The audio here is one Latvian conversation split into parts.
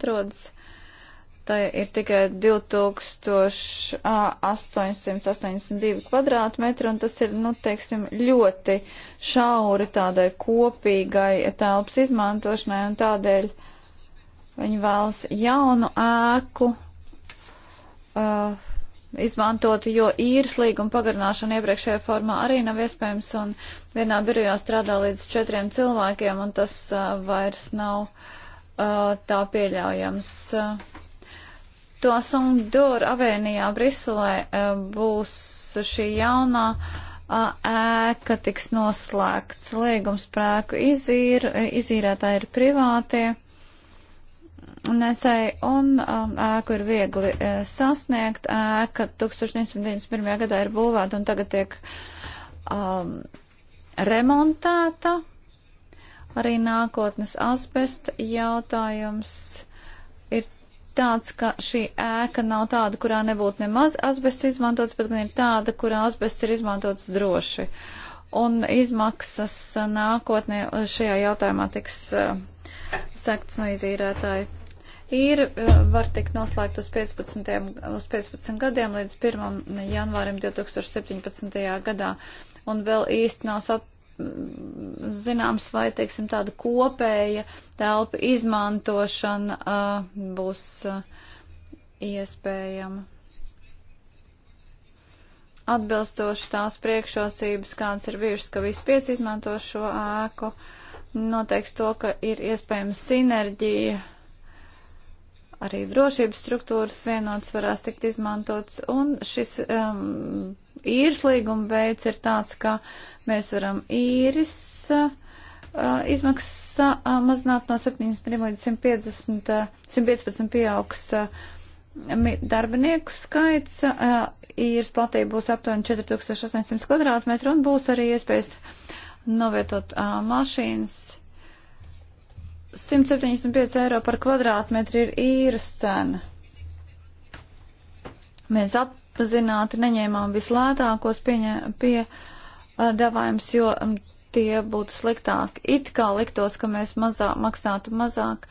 atrodas. Tā ir tikai 2882 kvadrātmetri, un tas ir, nu, teiksim, ļoti šauri tādai kopīgai telpas izmantošanai, un tādēļ viņi vēlas jaunu ēku. Uh, izmantot, jo īres līguma pagarināšana iepriekšējā formā arī nav iespējams, un vienā birojā strādā līdz četriem cilvēkiem, un tas uh, vairs nav uh, tā pieļaujams. To Sangdor avēnijā Briselē uh, būs šī jaunā uh, ēka, tiks noslēgts līgums prēku izīr, izīrētāji ir privātie nesēji un um, ēku ir viegli e, sasniegt. Ēka 1991. gadā ir būvēta un tagad tiek um, remontēta. Arī nākotnes asbesta jautājums ir tāds, ka šī ēka nav tāda, kurā nebūtu nemaz asbests izmantots, bet gan ir tāda, kurā asbests ir izmantots droši. Un izmaksas nākotnē šajā jautājumā tiks eh, sekts no izīrētāju. Ir, eh, var tikt noslēgt uz 15, uz 15 gadiem līdz 1. janvārim 2017. gadā, un vēl īsti nav sap, zināms, vai, teiksim, tāda kopēja telpa izmantošana uh, būs uh, iespējama. Atbilstoši tās priekšrocības, kādas ir bijušas, ka vispiec izmanto šo ēku, noteiks to, ka ir iespējama sinerģija arī drošības struktūras vienots varēs tikt izmantots, un šis um, īres līguma veids ir tāds, ka mēs varam īres uh, izmaksas uh, mazināt no 73 līdz 150, uh, 115 pieaugs uh, darbinieku skaits. Uh, īres platība būs aptuveni 4800 kvadrātmetru un būs arī iespējas novietot uh, mašīnas. 175 eiro par kvadrātmetru ir īres cena. Mēs ap, apzināti neņēmām vislētākos piedāvājums, pie, uh, jo um, tie būtu sliktāk. It kā liktos, ka mēs mazā, maksātu mazāk,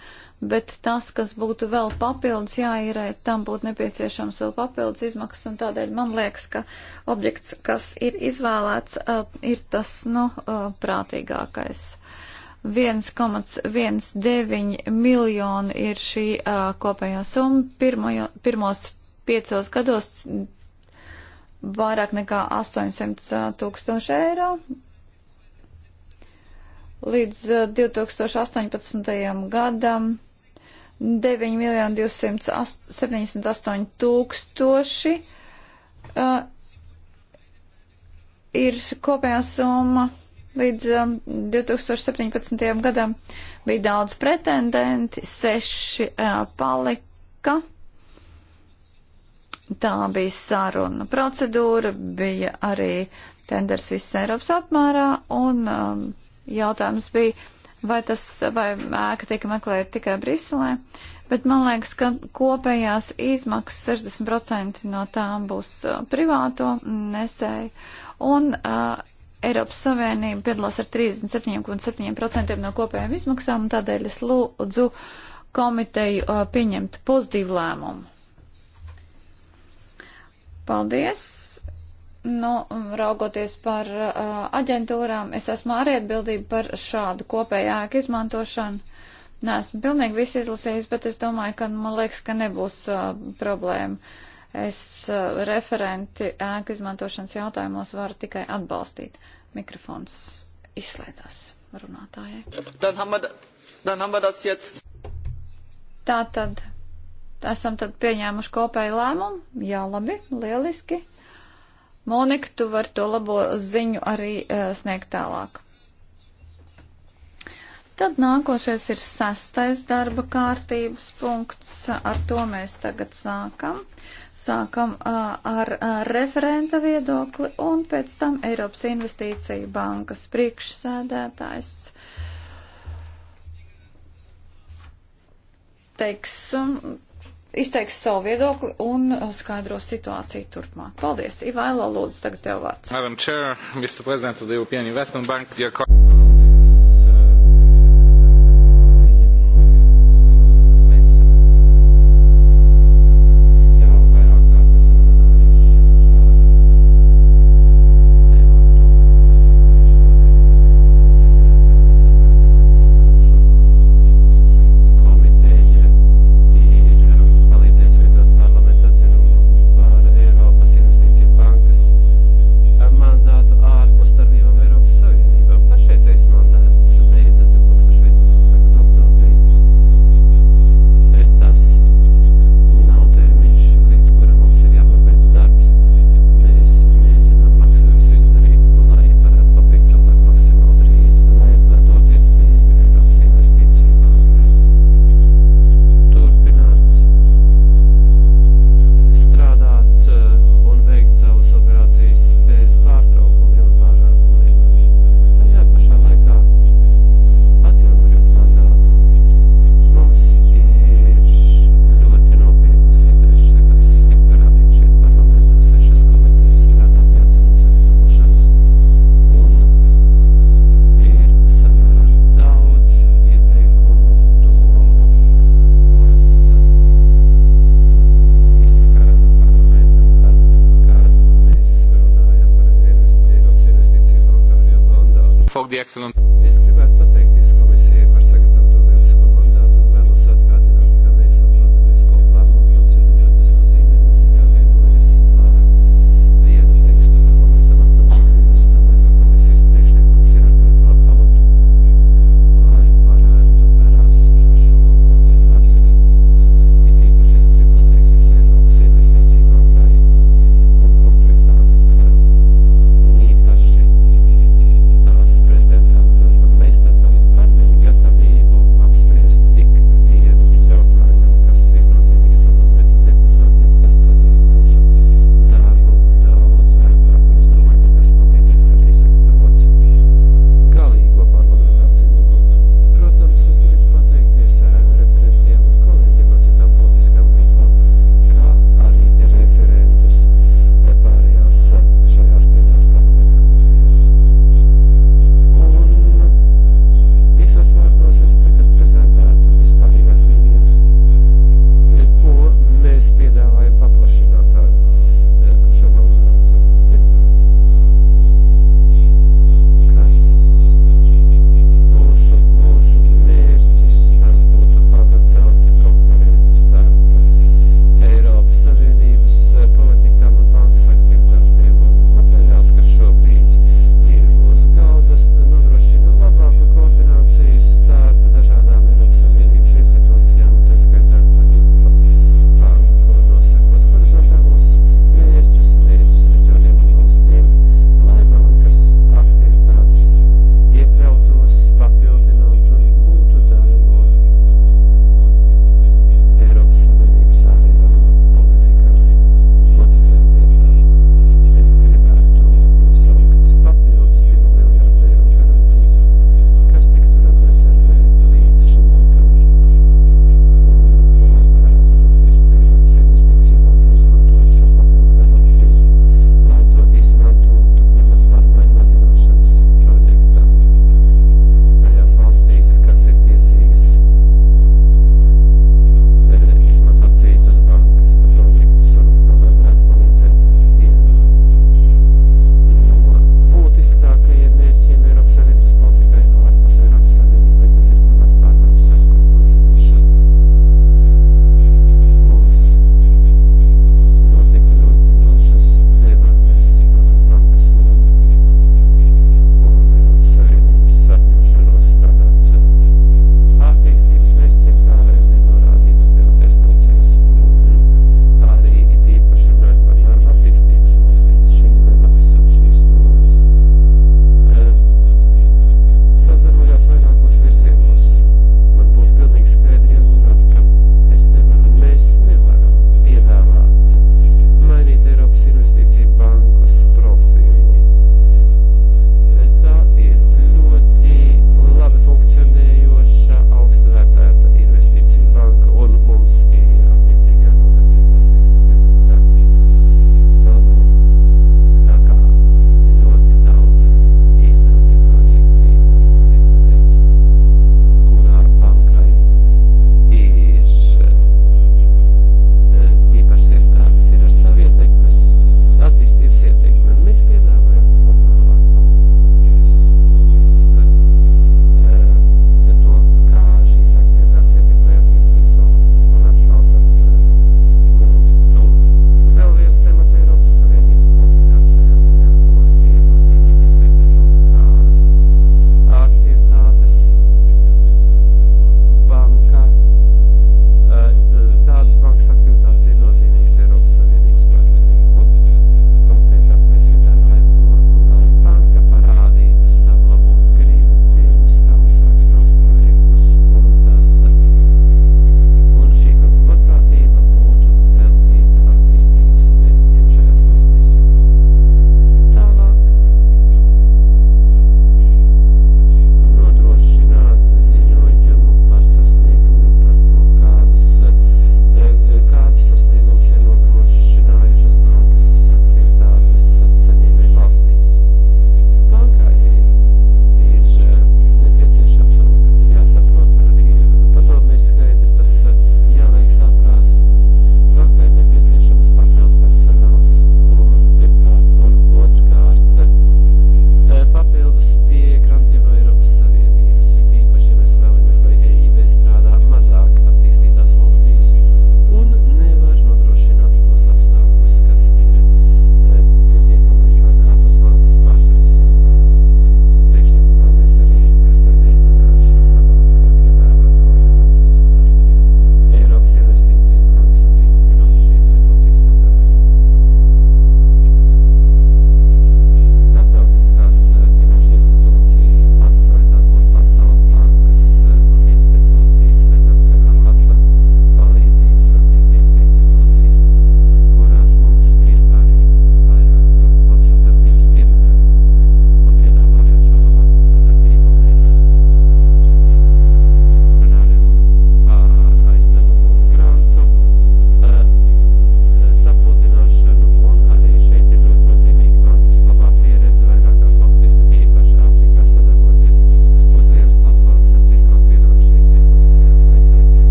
bet tas, kas būtu vēl papildus jāīrē, tam būtu nepieciešams vēl papildus izmaksas, un tādēļ man liekas, ka objekts, kas ir izvēlēts, uh, ir tas, nu, uh, prātīgākais. 1,19 miljonu ir šī uh, kopējā summa. Pirmo, pirmos piecos gados vairāk nekā 800 tūkstoši eiro. Līdz 2018. gadam 9 miljoni 278 tūkstoši uh, ir kopējā summa. Līdz um, 2017. gadam bija daudz pretendenti, seši uh, palika. Tā bija saruna procedūra, bija arī tenders visas Eiropas apmērā, un um, jautājums bija, vai tas, vai ēka tika meklēta tikai Briselē, bet man liekas, ka kopējās izmaksas 60% no tām būs uh, privāto nesēju, un uh, Eiropas Savienība piedalās ar 37,7% no kopējām izmaksām, un tādēļ es lūdzu komiteju uh, pieņemt pozitīvu lēmumu. Paldies! Nu, raugoties par uh, aģentūrām, es esmu arī atbildība par šādu kopēju ēku izmantošanu. Nesmu pilnīgi visu izlasījis, bet es domāju, ka man liekas, ka nebūs uh, problēma. Es uh, referenti ēku izmantošanas jautājumos varu tikai atbalstīt. Mikrofons izslēdzās runātājai. Dann haben wir, dann haben wir das jetzt. Tātad esam tad pieņēmuši kopēju lēmumu? Jā, labi, lieliski. Monika, tu vari to labo ziņu arī uh, sniegt tālāk. Tad nākošais ir sastais darba kārtības punkts. Ar to mēs tagad sākam. Sākam uh, ar uh, referenta viedokli un pēc tam Eiropas Investīcija bankas priekšsēdētājs teiks izteiks savu viedokli un uh, skaidros situāciju turpmāk. Paldies, Ivailo, lūdzu, tagad tev vārds. Madam Chair, Mr. President of the European Investment Bank, dear colleagues. the excellent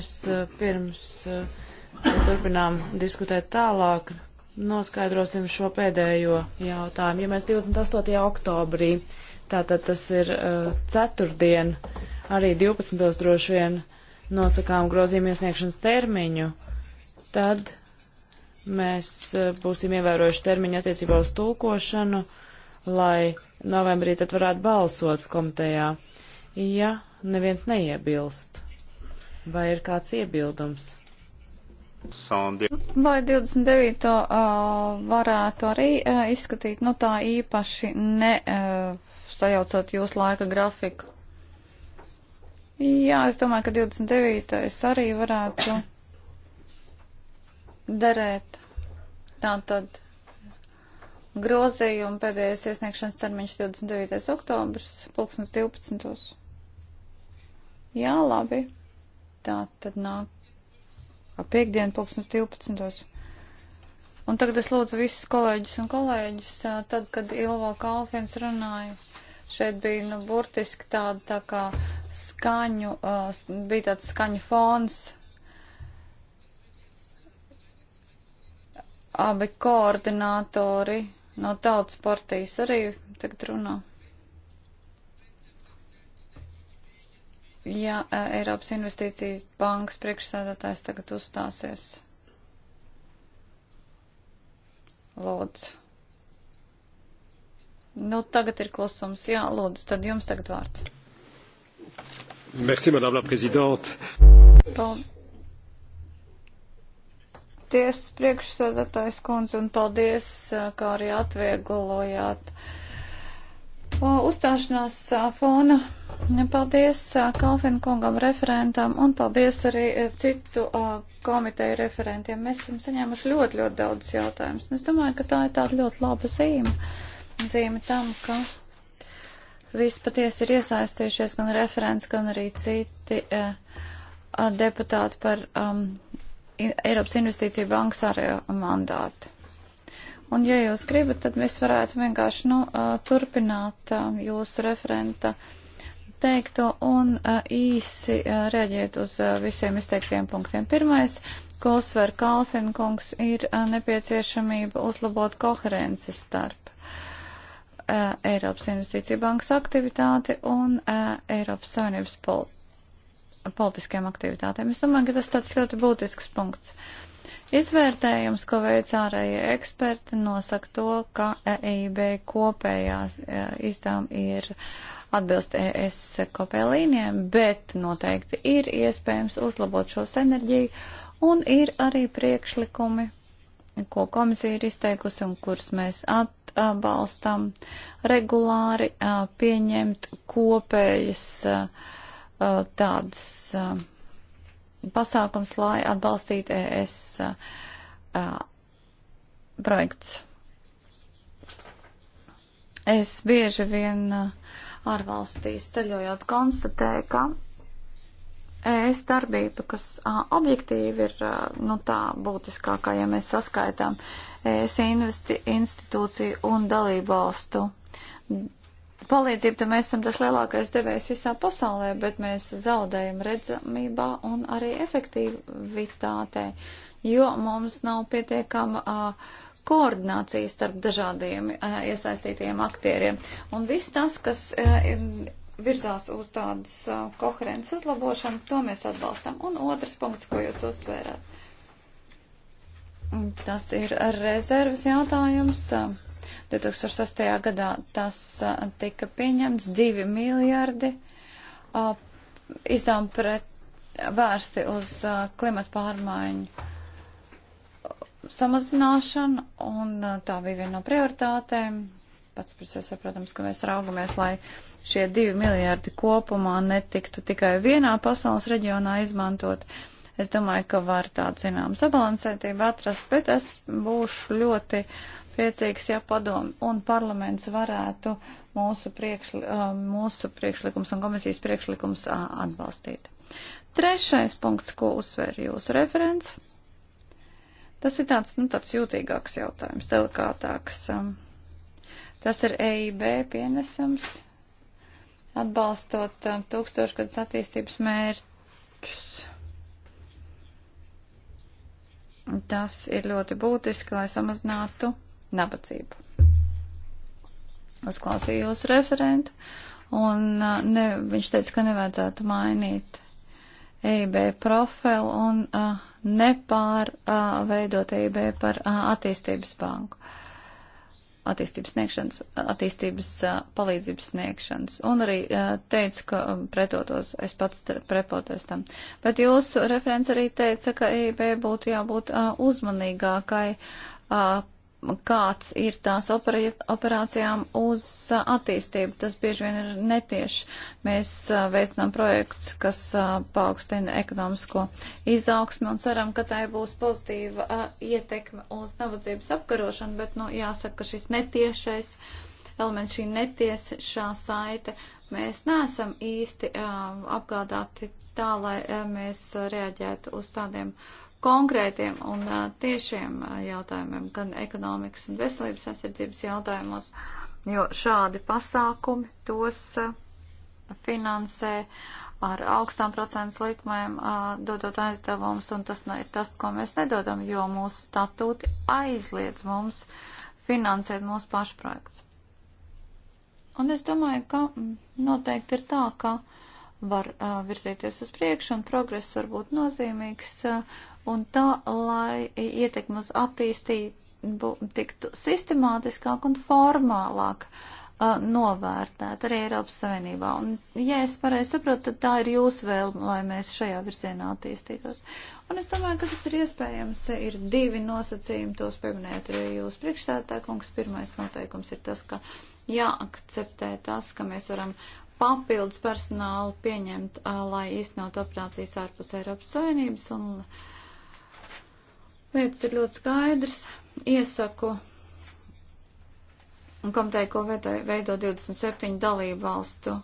mēs eh, pirms eh, turpinām diskutēt tālāk, noskaidrosim šo pēdējo jautājumu. Ja mēs 28. oktobrī, tātad tas ir eh, ceturtdien, arī 12. droši vien nosakām grozījuma iesniegšanas termiņu, tad mēs būsim ievērojuši termiņu attiecībā uz tulkošanu, lai novembrī tad varētu balsot komitejā, ja neviens neiebilst. Vai ir kāds iebildums? Vai 29. Uh, varētu arī uh, izskatīt, nu tā īpaši ne uh, sajaucot jūsu laika grafiku? Jā, es domāju, ka 29. arī varētu derēt. Tā tad grozījuma pēdējais iesniegšanas termiņš 29. oktobrs, pulkstens 12. Jā, labi. Tā tad nāk piekdiena pulkstens 12. Un tagad es lūdzu visus kolēģus un kolēģus, tad, kad Ilvo Kalfins runāja, šeit bija, nu, burtiski tāda tā kā skaņu, uh, bija tāds skaņu fons. Abi koordinātori no tautas partijas arī tagad runā. ja Eiropas investīcijas bankas priekšsēdētājs tagad uzstāsies. Lūdzu. Nu, tagad ir klusums. Jā, lūdzu, tad jums tagad vārds. Merci, madame la présidente. Paldies, priekšsēdētājs kundze, un paldies, kā arī atvieglojāt. Uh, uzstāšanās fona. Paldies Kalfinu kungam referentam un paldies arī e, citu komiteju referentiem. Mēs esam saņēmuši ļoti, ļoti daudz jautājumus. Es domāju, ka tā ir tāda ļoti laba zīme. Zīme tam, ka visi patiesi ir iesaistījušies gan referents, gan arī citi eh, deputāti par um, Eiropas investīciju bankas ārējo mandātu. Un, ja jūs gribat, tad mēs varētu vienkārši nu, turpināt jūsu referenta teikto un īsi reaģēt uz visiem izteiktiem punktiem. Pirmais, ko uzsver Kalfinkungs, ir nepieciešamība uzlabot koherenci starp Eiropas Investīcija bankas aktivitāti un Eiropas Savienības pol politiskajām aktivitātēm. Es domāju, ka tas tāds ļoti būtisks punkts. Uh, Izvērtējums, ko veic ārējie eksperti, nosaka to, ka EIB kopējās e, izdevumi ir atbilst ES kopējā līnijām, bet noteikti ir iespējams uzlabot šo enerģiju un ir arī priekšlikumi, ko komisija ir izteikusi un kurus mēs atbalstam regulāri pieņemt kopējas tādas pasākums, lai atbalstītu ES projekts. Es bieži vien ārvalstīs ceļojot konstatēju, ka ES darbība, kas objektīvi ir nu, tā būtiskākā, ja mēs saskaitām ES investi, institūciju un dalību valstu palīdzību, tad mēs esam tas lielākais devējs visā pasaulē, bet mēs zaudējam redzamībā un arī efektivitātē, jo mums nav pietiekama uh, koordinācija starp dažādiem uh, iesaistītiem aktieriem. Un viss tas, kas uh, virzās uz tādas uh, koherences uzlabošanu, to mēs atbalstam. Un otrs punkts, ko jūs uzsvērāt. Tas ir rezerves jautājums. Uh, 2008. gadā tas tika pieņemts 2 miljardi izdevumu pret vērsti uz klimatu pārmaiņu samazināšanu, un tā bija viena no prioritātēm. Pats par sevi saprotams, ka mēs raugamies, lai šie divi miljardi kopumā netiktu tikai vienā pasaules reģionā izmantot. Es domāju, ka var tādu, zinām, sabalansētību atrast, bet es būšu ļoti uh, priecīgs, ja padomu un parlaments varētu mūsu, priekšli, uh, mūsu priekšlikums un komisijas priekšlikums uh, atbalstīt. Trešais punkts, ko uzsver jūsu referents, tas ir tāds, nu, tāds jūtīgāks jautājums, delikātāks. Um, tas ir EIB pienesums, atbalstot um, tūkstošgadus attīstības mērķus. Tas ir ļoti būtiski, lai samazinātu nabadzību. Uzklausījos referentu, un ne, viņš teica, ka nevajadzētu mainīt EIB profilu un uh, nepārveidot uh, e EIB par uh, attīstības banku. Uh, attīstības sniegšanas, attīstības uh, palīdzības sniegšanas. Un arī uh, teica, ka um, pretotos, es pats prepotos tam. Bet jūsu referents arī teica, ka EIB būtu jābūt uh, uzmanīgākai kāds ir tās operācijām uz attīstību. Tas bieži vien ir netieši. Mēs veicinām projekts, kas paaugstina ekonomisko izaugsmi un ceram, ka tai būs pozitīva ietekme uz nabadzības apkarošanu, bet, nu, jāsaka, ka šis netiešais elements, šī netiešā saite, mēs neesam īsti apgādāti tā, lai mēs reaģētu uz tādiem konkrētiem un uh, tiešiem jautājumiem, gan ekonomikas un veselības aizsardzības jautājumos, jo šādi pasākumi tos uh, finansē ar augstām procentu likmēm, uh, dodot aizdevumus, un tas ir tas, ko mēs nedodam, jo mūsu statūti aizliedz mums finansēt mūsu pašu projekts. Un es domāju, ka mm, noteikti ir tā, ka var uh, virzīties uz priekšu, un progress var būt nozīmīgs. Uh, un tā, lai ietekme uz attīstību tiktu sistemātiskāk un formālāk uh, novērtēt arī Eiropas Savienībā. Un, ja es pareizi saprotu, tad tā ir jūsu vēlme, lai mēs šajā virzienā attīstītos. Un es domāju, ka tas ir iespējams. Ir divi nosacījumi, tos pieminējat arī jūs priekšsētāj, kungs. Pirmais noteikums ir tas, ka jāakceptē tas, ka mēs varam papildus personālu pieņemt, uh, lai īstenot operācijas ārpus Eiropas Savienības un uh, Lietas ir ļoti skaidrs. Iesaku un kam teiko veido 27 dalību valstu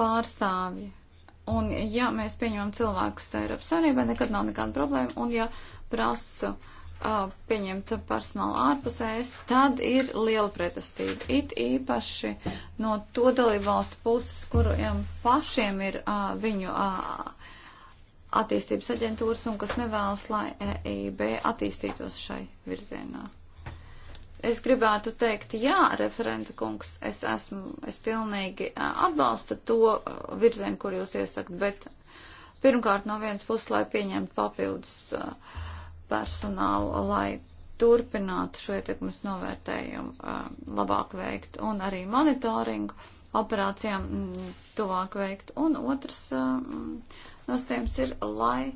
pārstāvji. Un ja mēs pieņemam cilvēkus Eiropas Savienībā, nekad nav nekāda problēma, un ja prasu uh, pieņemt personālu ārpusēs, tad ir liela pretestība. It īpaši no to dalību valstu puses, kuriem pašiem ir uh, viņu uh, attīstības aģentūras un kas nevēlas, lai EIB attīstītos šai virzienā. Es gribētu teikt, jā, referenta kungs, es esmu, es pilnīgi atbalstu to virzienu, kur jūs iesakt, bet pirmkārt no vienas puses, lai pieņemtu papildus personālu, lai turpinātu šo ietekmes novērtējumu labāk veikt un arī monitoringu operācijām mm, tuvāk veikt. Un otrs. Uh, Nostājums ir, lai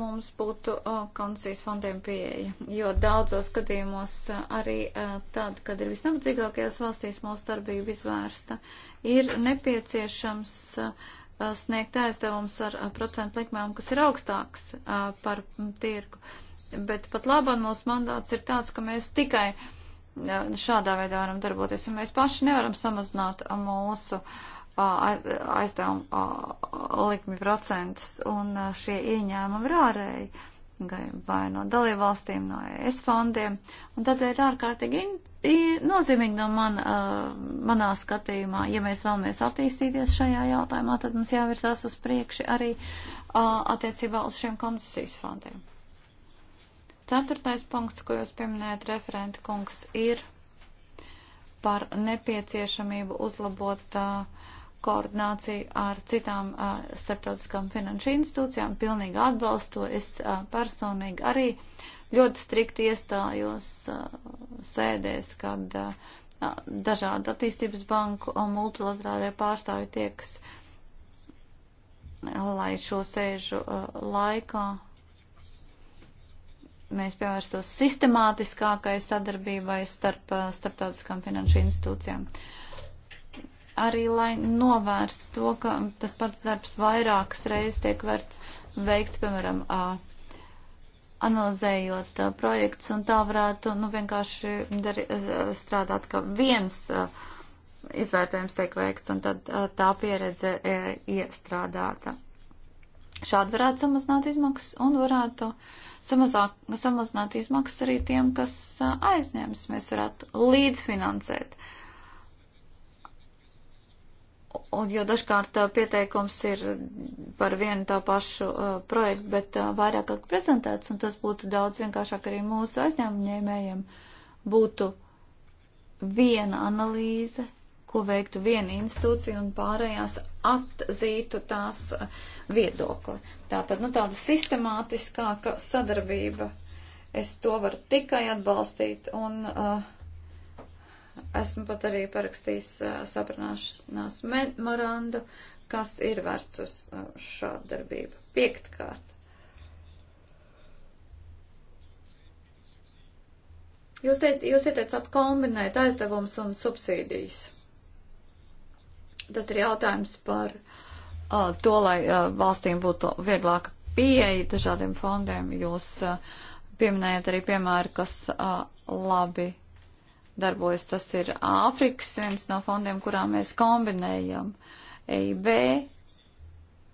mums būtu uh, komisijas fondiem pieeja, jo daudzos gadījumos uh, arī uh, tad, kad ir visnabadzīgākajās valstīs mūsu darbība izvērsta, ir nepieciešams uh, sniegt aizdevums ar uh, procentu likmēm, kas ir augstāks uh, par tirgu. Bet pat labāk mūsu mandāts ir tāds, ka mēs tikai uh, šādā veidā varam darboties, un mēs paši nevaram samazināt mūsu uh, aizdevumu likmi procentus, un šie ieņēmumi ir ārēji, vai no dalībvalstīm, no ES fondiem, un tad ir ārkārtīgi nozīmīgi no man, manā skatījumā, ja mēs vēlamies attīstīties šajā jautājumā, tad mums jāvirzās uz priekši arī attiecībā uz šiem koncesijas fondiem. Ceturtais punkts, ko jūs pieminējat, referenta kungs, ir par nepieciešamību uzlabot uh, koordināciju ar citām uh, starptautiskām finanšu institūcijām. Pilnīgi atbalstu. Es uh, personīgi arī ļoti strikti iestājos uh, sēdēs, kad uh, dažādi attīstības banku un multilaterālie pārstāvi tieks, lai šo sēžu uh, laikā mēs pievērstos sistemātiskākai sadarbībai starp uh, starptautiskām finanšu institūcijām. Uh, arī, lai novērstu to, ka tas pats darbs vairākas reizes tiek vērts, veikts, piemēram, analizējot projektus, un tā varētu, nu, vienkārši dar, strādāt, ka viens izvērtējums tiek veikts, un tad tā pieredze iestrādāta. Šādi varētu samazināt izmaksas un varētu samazāk, samazināt izmaksas arī tiem, kas aizņems. Mēs varētu līdzfinansēt uh, Un, jo dažkārt pieteikums ir par vienu tā pašu uh, projektu, bet uh, vairāk prezentēts, un tas būtu daudz vienkāršāk arī mūsu aizņēmējiem, būtu viena analīze, ko veiktu viena institūcija un pārējās atzītu tās viedokli. Tā tad, nu, tāda sistemātiskāka sadarbība. Es to varu tikai atbalstīt un uh, Esmu pat arī parakstījis saprināšanās memorandu, kas ir vērsts uz šādu darbību. Piektkārt. Jūs, te, jūs ieteicāt kombinēt aizdevumus un subsīdijas. Tas ir jautājums par uh, to, lai uh, valstīm būtu vieglāka pieeja dažādiem fondiem. Jūs uh, pieminējat arī piemēru, kas uh, labi darbojas. Tas ir Āfrikas viens no fondiem, kurā mēs kombinējam EIB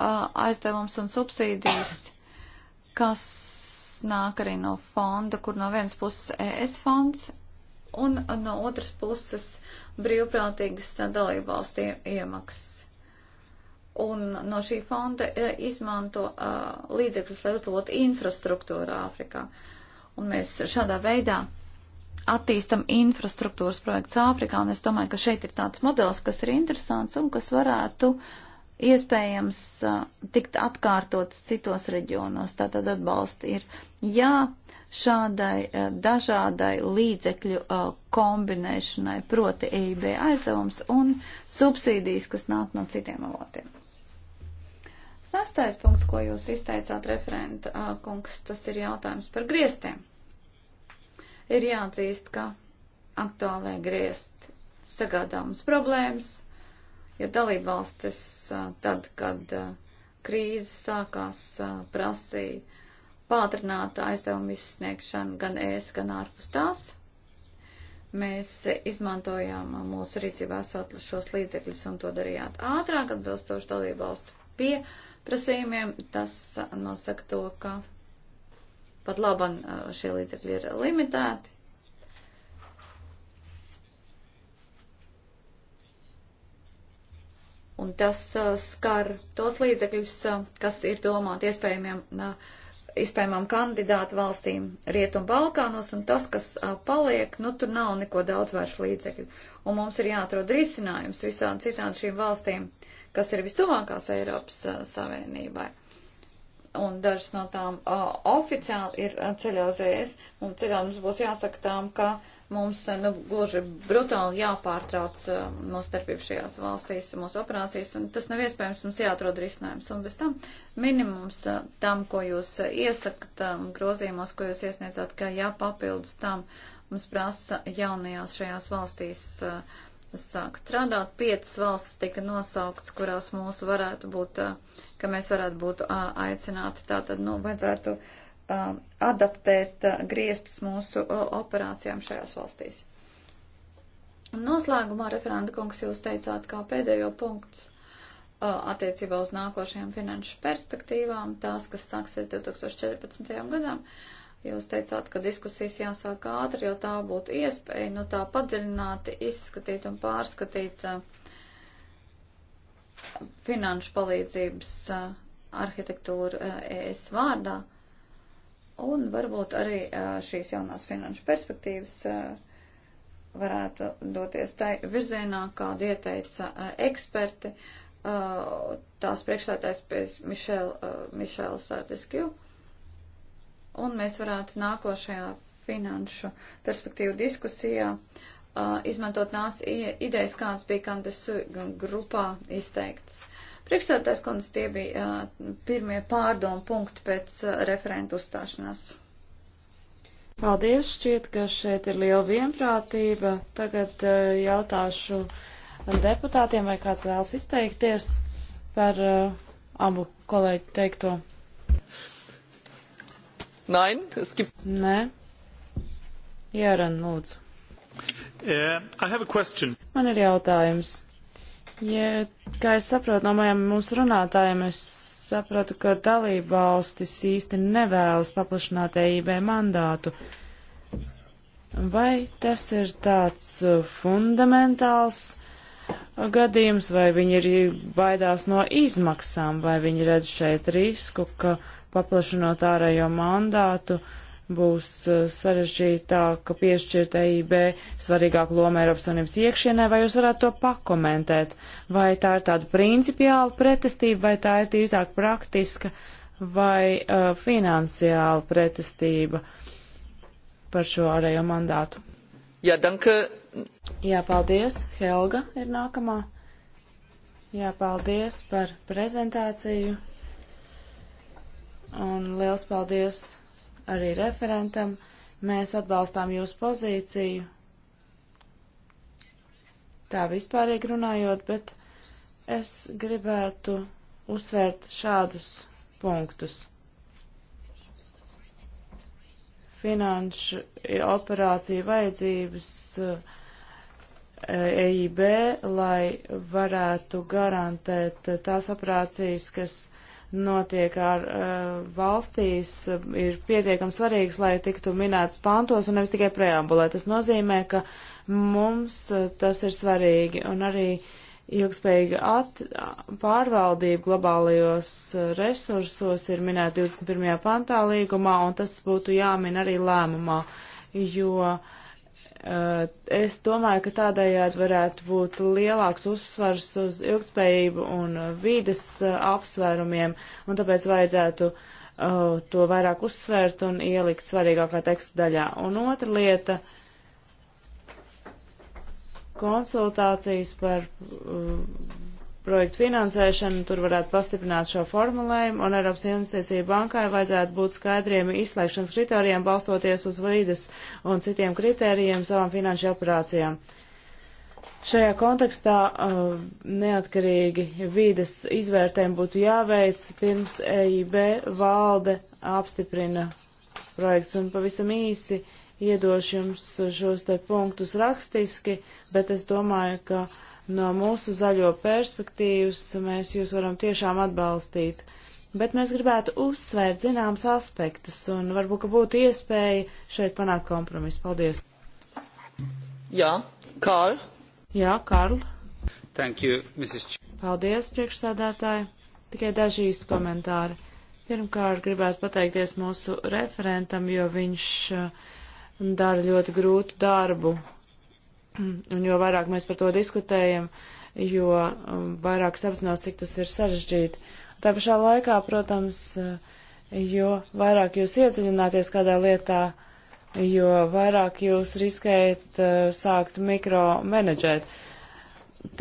aizdevums un subsīdijas, kas nāk arī no fonda, kur no vienas puses ES fonds un no otras puses brīvprātīgas dalībvalstu iemaksas. Un no šī fonda izmanto uh, līdzekļus, lai uzlabotu infrastruktūru Āfrikā. Un mēs šādā veidā attīstam infrastruktūras projekts Āfrikā, un es domāju, ka šeit ir tāds modelis, kas ir interesants un kas varētu iespējams tikt atkārtots citos reģionos. Tātad atbalsti ir jā šādai dažādai līdzekļu kombinēšanai, proti EIB aizdevums un subsīdijas, kas nāk no citiem avotiem. Sastais punkts, ko jūs izteicāt, referenta kungs, tas ir jautājums par griestiem ir jāatzīst, ka aktuālajā griezt sagādā mums problēmas, jo dalībvalstis tad, kad krīze sākās, prasīja pātrināt aizdevumu izsniegšanu gan ēs, gan ārpus tās. Mēs izmantojām mūsu rīcībā esot šos līdzekļus un to darījāt ātrāk, atbilstoši dalībvalstu pieprasījumiem. Tas nosaka to, ka Pat labam šie līdzekļi ir limitēti. Un tas uh, skar tos līdzekļus, uh, kas ir domāti iespējamiem, uh, iespējamām kandidātu valstīm Rietum Balkānos, un tas, kas uh, paliek, nu tur nav neko daudz vairs līdzekļu. Un mums ir jāatrod risinājums visām citām šīm valstīm, kas ir vistuvākās Eiropas uh, Savienībai. Uh, un dažas no tām uh, oficiāli ir ceļā uz ES, un ceļā mums būs jāsaka tām, ka mums nu, gluži brutāli jāpārtrauc uh, mūsu starpību šajās valstīs, mūsu operācijas, un tas nav iespējams, mums jāatrod risinājums. Un bez tam minimums uh, tam, ko jūs uh, iesakat um, grozījumos, ko jūs iesniedzat, ka jāpapildus tam mums prasa jaunajās šajās valstīs. Uh, sāk strādāt. Piecas valstis tika nosauktas, kurās mūs varētu būt, ka mēs varētu būt aicināti. Tātad, nu, vajadzētu adaptēt griestus mūsu operācijām šajās valstīs. Noslēgumā, referenta kungs, jūs teicāt, kā pēdējo punkts attiecībā uz nākošajām finanšu perspektīvām, tās, kas sāksies 2014. gadam, Jūs teicāt, ka diskusijas jāsāk ātri, jo tā būtu iespēja, nu tā padziļināti izskatīt un pārskatīt uh, finanšu palīdzības uh, arhitektūru uh, ES vārdā un varbūt arī šīs jaunās finanšu perspektīvas varētu doties tai virzienā, kāda ieteica eksperti, tās priekšsētājs pēc Mišela Sārtiskju un mēs varētu nākošajā finanšu perspektīvu diskusijā uh, izmantot nās idejas, kāds bija Kandes grupā izteikts. Priekšstādātais kundze tie bija uh, pirmie pārdomu punkti pēc uh, referentu uzstāšanās. Paldies, šķiet, ka šeit ir liela vienprātība. Tagad uh, jautāšu deputātiem, vai kāds vēlas izteikties par uh, abu kolēģu teikto. Nein, es gibt. Nē. Jāran, lūdzu. Yeah, I have a question. Man ir jautājums. Ja, kā es saprotu no mājām mūsu runātājiem, es saprotu, ka dalība valstis īsti nevēlas paplašināt EIB mandātu. Vai tas ir tāds eh, fundamentāls gadījums, vai viņi ir baidās no izmaksām, vai viņi redz šeit risku, ka paplašinot ārējo mandātu būs uh, sarežģītāk piešķirt EIB svarīgāku lomu Eiropas Savienības iekšienē, vai jūs varētu to pakomentēt? Vai tā ir tāda principiāla pretestība, vai tā ir tīzāk praktiska, vai uh, finansiāla pretestība par šo ārējo mandātu? Jā, ja, danke. Jā, paldies. Helga ir nākamā. Jā, paldies par prezentāciju. Un liels paldies arī referentam. Mēs atbalstām jūsu pozīciju. Tā vispārīgi runājot, bet es gribētu uzsvērt šādus punktus. Finanšu operāciju vajadzības. Uh, EIB, lai varētu garantēt tās operācijas, kas notiek ar uh, valstīs, ir pietiekami svarīgs, lai tiktu minēts pantos un nevis tikai preambulē. Tas nozīmē, ka mums eh, tas ir svarīgi un arī ilgspējīga pārvaldība globālajos eh, resursos ir minēta 21. pantā līgumā, un tas būtu jāmin arī lēmumā, jo uh, Eh, es domāju, ka tādējādi varētu būt lielāks uzsvars uz ilgtspējību un vīdes eh, apsvērumiem, un tāpēc vajadzētu uh, to vairāk uzsvērt un ielikt svarīgākā teksta daļā. Un otra lieta - konsultācijas par uh, projektu finansēšanu, tur varētu pastiprināt šo formulējumu, un Eiropas investīcija bankai vajadzētu būt skaidriem izslēgšanas kritērijiem, balstoties uz vīdes un citiem kritērijiem savām finanšu operācijām. Šajā kontekstā uh, neatkarīgi vīdes izvērtēm būtu jāveic pirms EIB valde apstiprina projekts un pavisam īsi iedošu jums šos te punktus rakstiski, bet es domāju, ka uh, No mūsu zaļo perspektīvas mēs jūs varam tiešām atbalstīt, bet mēs gribētu uzsvērt zināmas aspektus un varbūt, ka būtu iespēja šeit panākt kompromisu. Paldies! Jā, Kārl. Jā, Kārl. Thank you, Mrs. Č Paldies, priekšsādātāji. Tikai daži īsti komentāri. Pirmkārt, gribētu pateikties mūsu referentam, jo viņš eh, dara ļoti grūtu darbu Un jo vairāk mēs par to diskutējam, jo um, vairāk apzinās, cik tas ir sarežģīti. Tā pašā laikā, protams, uh, jo vairāk jūs iedziļināties kādā lietā, jo vairāk jūs riskējat uh, sākt mikromenedžēt.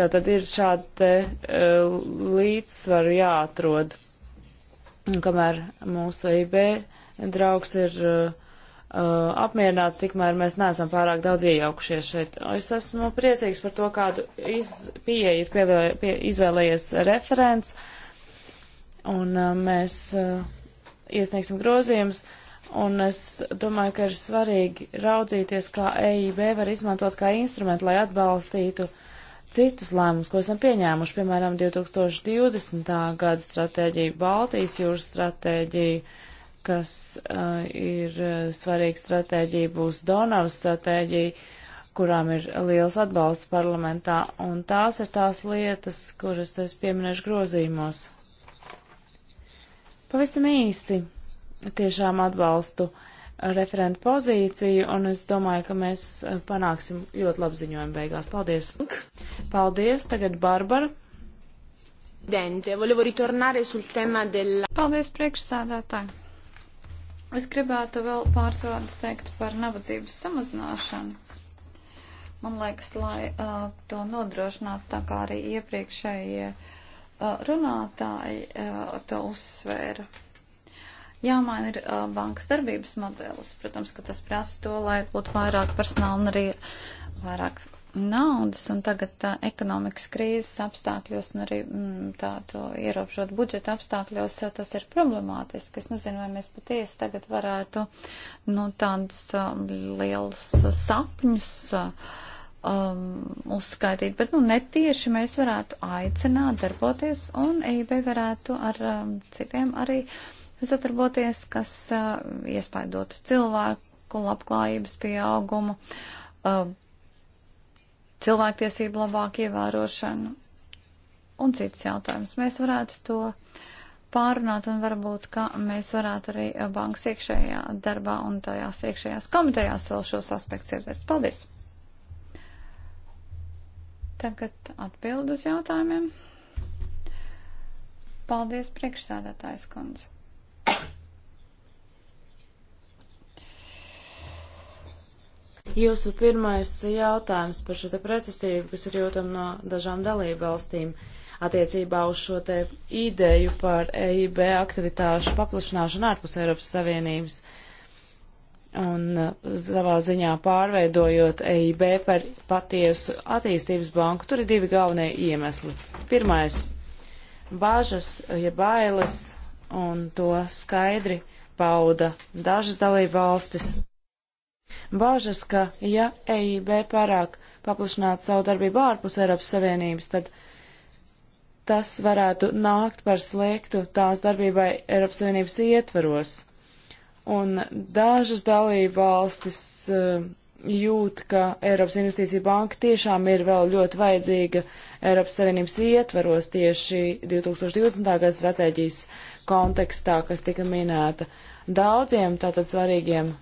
Tā tad ir šāda uh, līdzsvaru jāatrod. Un kamēr mūsu IB draugs ir uh, Uh, apmierināts, tikmēr mēs neesam pārāk daudz iejaukušies šeit. Es esmu priecīgs par to, kādu iz, pieeju ir pie, pie, izvēlējies referents, un uh, mēs uh, iesniegsim grozījumus, un es domāju, ka ir svarīgi raudzīties, kā EIB var izmantot kā instrumentu, lai atbalstītu citus lēmumus, ko esam pieņēmuši, piemēram, 2020. gada stratēģiju, Baltijas jūras stratēģiju, kas uh, ir svarīga stratēģija, būs donoru stratēģija, kurām ir liels atbalsts parlamentā, un tās ir tās lietas, kuras es pieminēšu grozīmos. Pavisam īsi tiešām atbalstu referentu pozīciju, un es domāju, ka mēs panāksim ļoti labu ziņojumu beigās. Paldies! Paldies! Tagad Barbara. Paldies, priekšsādātāji! Es gribētu vēl pāris vārdus teikt par nabadzības samazināšanu. Man liekas, lai uh, to nodrošinātu, tā kā arī iepriekšējie uh, runātāji uh, to uzsvēra. Jāmaina ir uh, bankas darbības modelis. Protams, ka tas prasa to, lai būtu vairāk personāla un arī vairāk naudas, un tagad tā, ekonomikas krīzes apstākļos un arī mm, tādu ierobežot budžeta apstākļos tas ir problemātiski. Es nezinu, vai mēs patiesi tagad varētu nu, tādus um, lielus sapņus. Uh, um, uzskaitīt, bet nu, netieši mēs varētu aicināt darboties un EIB varētu ar um, citiem arī sadarboties, kas uh, iespaidotu cilvēku labklājības pieaugumu, uh, cilvēktiesību labāku ievērošanu un citas jautājumas. Mēs varētu to pārunāt un varbūt, ka mēs varētu arī eh, bankas iekšējā darbā un tajās iekšējās komitejās vēl šos aspektus ietvert. Paldies! Tagad atbild uz jautājumiem. Paldies, priekšsēdētājs kundze. Jūsu pirmais jautājums par šo te pretestību, kas ir jūtama no dažām dalību valstīm attiecībā uz šo te ideju par EIB aktivitāšu paplašināšanu ārpus Eiropas Savienības un uh, savā ziņā pārveidojot EIB par patiesu attīstības banku. Tur ir divi galvenie iemesli. Pirmais - bāžas, ja bailes, un to skaidri pauda dažas dalību valstis Bāžas, ka ja EIB pārāk paplašinātu savu darbību ārpus Eiropas Savienības, tad tas varētu nākt par slēgtu tās darbībai Eiropas Savienības ietveros. Un dažas dalība valstis uh, jūt, ka Eiropas Investīcija Banka tiešām ir vēl ļoti vajadzīga Eiropas Savienības ietveros tieši 2020. gada stratēģijas kontekstā, kas tika minēta. Daudziem tātad svarīgiem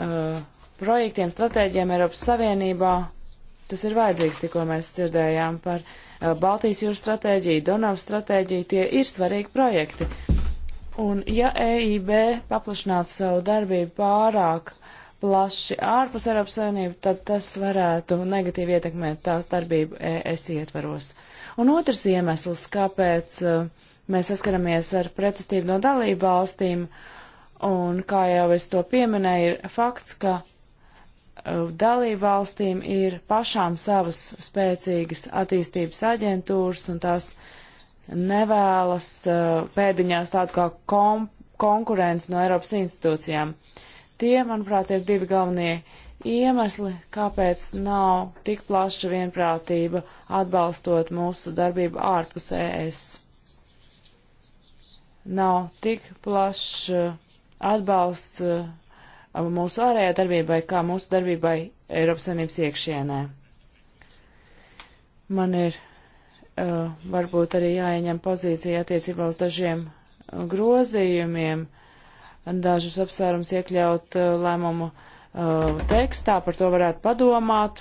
uh, projektiem, stratēģiem Eiropas Savienībā. Tas ir vajadzīgs, tikko mēs dzirdējām par uh, Baltijas jūras stratēģiju, Donavas stratēģiju. Tie ir svarīgi projekti. Un ja EIB paplašinātu savu darbību pārāk plaši ārpus Eiropas Savienību, tad tas varētu negatīvi ietekmēt tās darbību ES ietvaros. Un otrs iemesls, kāpēc uh, mēs saskaramies ar pretestību no dalību valstīm, uh, Un kā jau es to pieminēju, ir fakts, ka uh, dalībvalstīm ir pašām savas spēcīgas attīstības aģentūras, un tās nevēlas uh, pēdiņās tādu kā kom, konkurenci no Eiropas institūcijām. Tie, manuprāt, ir divi galvenie iemesli, kāpēc nav tik plaša vienprātība atbalstot mūsu darbību ārpus ES. Nav tik plašs atbalsts uh, mūsu ārējā darbībai, kā mūsu darbībai Eiropas Savienības iekšienē. Man ir uh, varbūt arī jāieņem pozīcija attiecībā uz dažiem grozījumiem, dažus apsvērums iekļaut uh, lēmumu tekstā, par to varētu padomāt.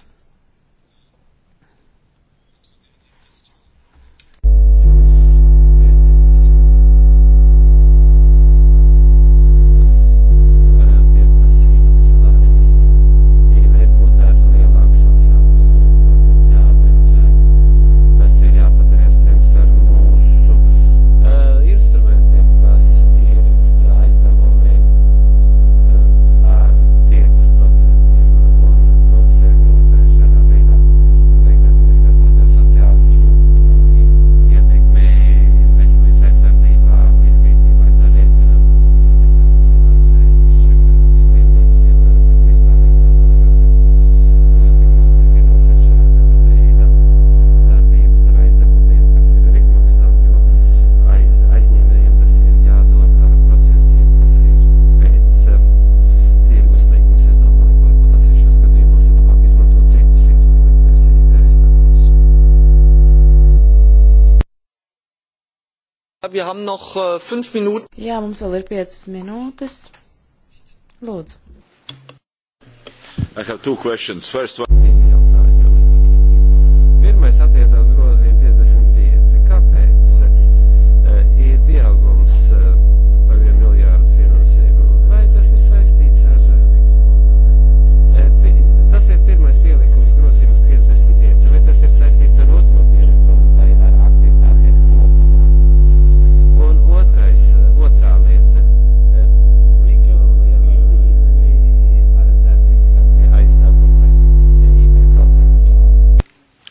wir haben noch uh, fünf Minuten. Jā, mums vēl ir piecas minūtes. Lūdzu. I have two questions. First one.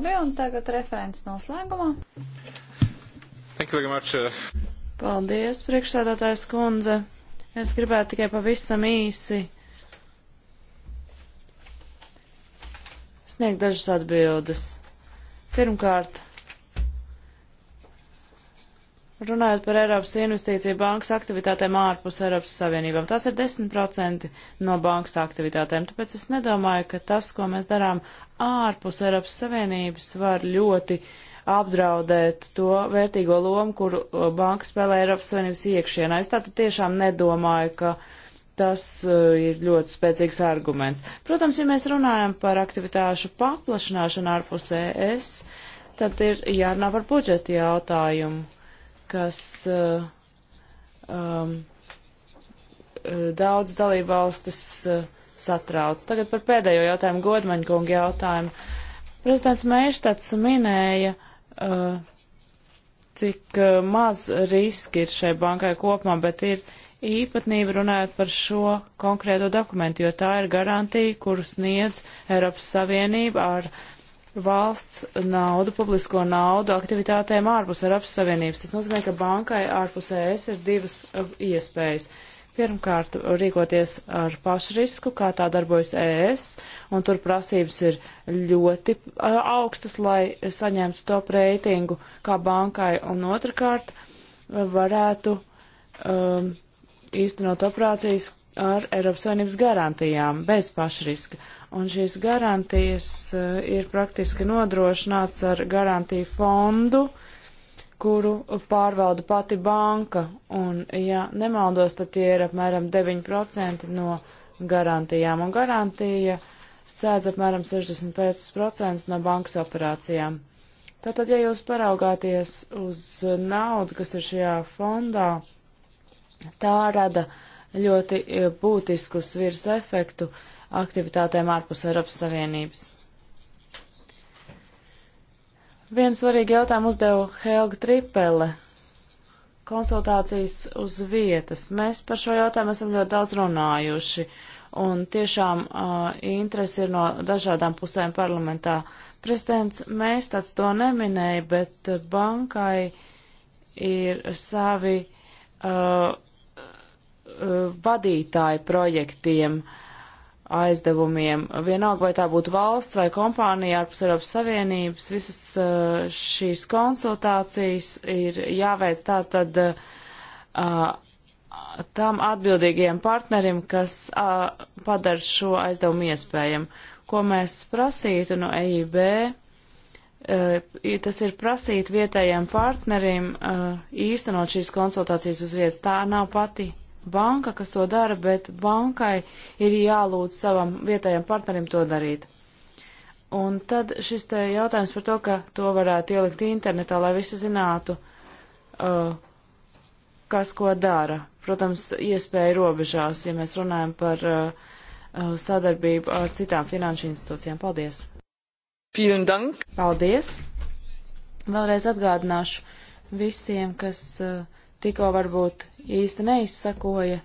Labi, un tagad referents noslēgumā. Thank you very much. Uh, Paldies, priekšsēdātājs kundze. Es gribētu tikai pavisam īsi sniegt dažas atbildes. Pirmkārt, Runājot par Eiropas investīciju bankas aktivitātēm ārpus Eiropas Savienībām, tas ir 10% no bankas aktivitātēm, tāpēc es nedomāju, ka tas, ko mēs darām ārpus Eiropas Savienības, var ļoti apdraudēt to vērtīgo lomu, kuru uh, banka spēlē Eiropas Savienības iekšienā. Es tātad tiešām nedomāju, ka tas uh, ir ļoti spēcīgs arguments. Protams, ja mēs runājam par aktivitāšu paplašināšanu ārpus ES, tad ir jārunā par budžeta jautājumu kas uh, um, daudz dalībvalstis uh, satrauc. Tagad par pēdējo jautājumu, Godmaņkungu jautājumu. Prezidents Mērštats minēja, uh, cik uh, maz riski ir šai bankai kopumā, bet ir īpatnība runājot par šo konkrēto dokumentu, jo tā ir garantija, kuru sniedz Eiropas Savienība ar valsts naudu, publisko naudu aktivitātēm ārpus Eiropas Savienības. Tas nozīmē, ka bankai ārpus ES ir divas uh, iespējas. Pirmkārt, rīkoties ar pašrisku, kā tā darbojas ES, un tur prasības ir ļoti uh, augstas, lai saņemtu to reitingu kā bankai, un otrkārt, varētu um, īstenot operācijas, ar Eiropas Savienības garantijām, bez pašriska. Un šīs garantijas eh, ir praktiski nodrošināts ar garantiju fondu, kuru pārvalda pati banka. Un, ja nemaldos, tad tie ir apmēram 9% no garantijām. Un garantija sēdz apmēram 65% no bankas operācijām. Tātad, ja jūs paraugāties uz naudu, kas ir šajā fondā, tā rada uh, ļoti e, būtiskus virs efektu aktivitātēm ārpus Eiropas Savienības. Vienu svarīgu jautājumu uzdeva Helga Tripele. Konsultācijas uz vietas. Mēs par šo jautājumu esam ļoti daudz runājuši, un tiešām uh, interesi ir no dažādām pusēm parlamentā. Prezidents Mēstats to neminēja, bet bankai ir savi uh, Eh, vadītāju projektiem, aizdevumiem. Vienalga, vai tā būtu valsts vai kompānija ārpus Eiropas Savienības, visas eh, šīs konsultācijas ir jāveic tā tad eh, tam atbildīgajiem partnerim, kas padara šo aizdevumu iespējamu. Ko mēs prasītu no EIB? tas ir prasīt vietējiem partnerim īstenot šīs konsultācijas uz vietas. Tā nav pati banka, kas to dara, bet bankai ir jālūdz savam vietējam partnerim to darīt. Un tad šis te jautājums par to, ka to varētu ielikt internetā, lai visi zinātu, uh, kas ko dara. Protams, iespēja robežās, ja mēs runājam par uh, uh sadarbību ar citām finanšu institūcijām. Paldies! Vielen Dank! Paldies! Vēlreiz atgādināšu visiem, kas uh, tikko varbūt īsti neizsakoja.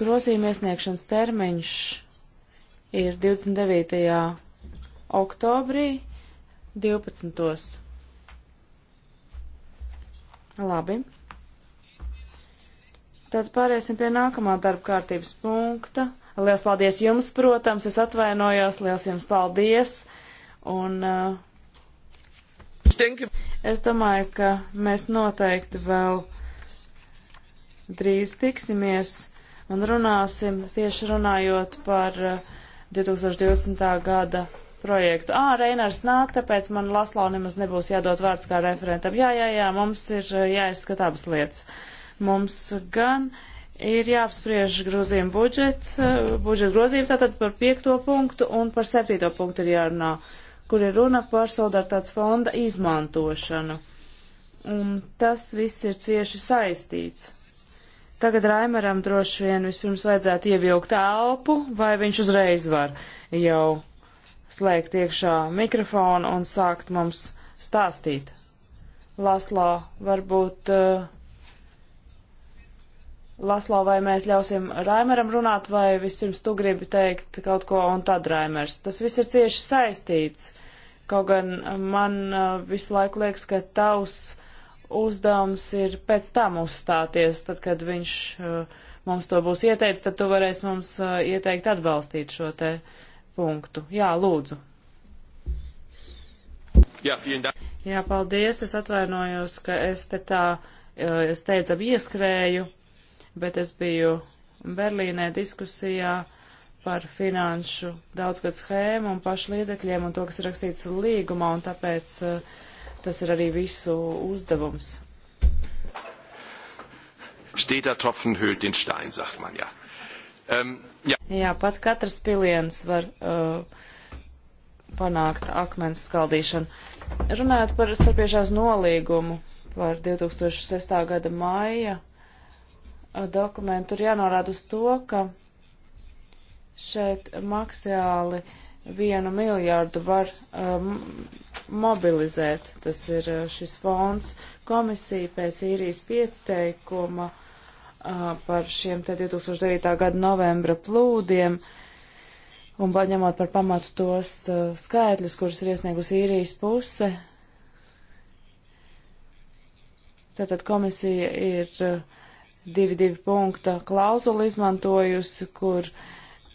Grozījuma iesniegšanas termiņš ir 29. oktobrī 12. Labi. Tad pāriesim pie nākamā darba kārtības punkta. Lielas paldies jums, protams, es atvainojos, liels jums paldies. Un, uh, es domāju, ka mēs noteikti vēl drīz tiksimies un runāsim tieši runājot par 2020. Eh, gada projektu. Ā, Reinars nāk, tāpēc man Laslau nemaz nebūs jādod vārds kā referentam. Jā, jā, jā, mums ir eh, jāizskat abas lietas. Mums gan ir jāapspriež grozījuma budžets, eh, budžeta grozījuma tātad par piekto punktu un par septīto punktu ir jārunā, kur ir runa par solidaritātes fonda izmantošanu. Un tas viss ir cieši saistīts. Tagad Raimaram droši vien vispirms vajadzētu ievilkt elpu, vai viņš uzreiz var jau slēgt iekšā mikrofonu un sākt mums stāstīt. Laslā, varbūt. Uh, Laslo, vai mēs ļausim Raimeram runāt, vai vispirms tu gribi teikt kaut ko un tad Raimers. Tas viss ir cieši saistīts. Kaut gan man uh, visu laiku liekas, ka tavs uzdevums ir pēc tam uzstāties, tad, kad viņš uh, mums to būs ieteicis, tad tu varēsi mums uh, ieteikt atbalstīt šo te punktu. Jā, lūdzu. Jā, Jā, paldies. Es atvainojos, ka es te tā, uh, es teicu, ieskrēju, bet es biju Berlīnē diskusijā par finanšu daudzgad schēmu un pašu līdzekļiem un to, kas ir rakstīts līgumā, un tāpēc uh, Tas ir arī visu uzdevums. Stītā tropfen hült den stein, sagt man, jā. Um, ähm, jā. jā, pat katrs piliens var uh, panākt akmens skaldīšanu. Runājot par starpiešās nolīgumu par 2006. gada maija uh, dokumentu, tur jānorāda uz to, ka šeit maksiāli uh, vienu miljārdu var um, mobilizēt. Tas ir uh, šis fonds komisija pēc īrijas pieteikuma uh, par šiem te 2009. gada novembra plūdiem un paņemot par pamatu tos uh, skaitļus, kurus ir iesniegusi īrijas puse. Tātad komisija ir uh, divi divi punkta klauzulu izmantojusi, kur uh,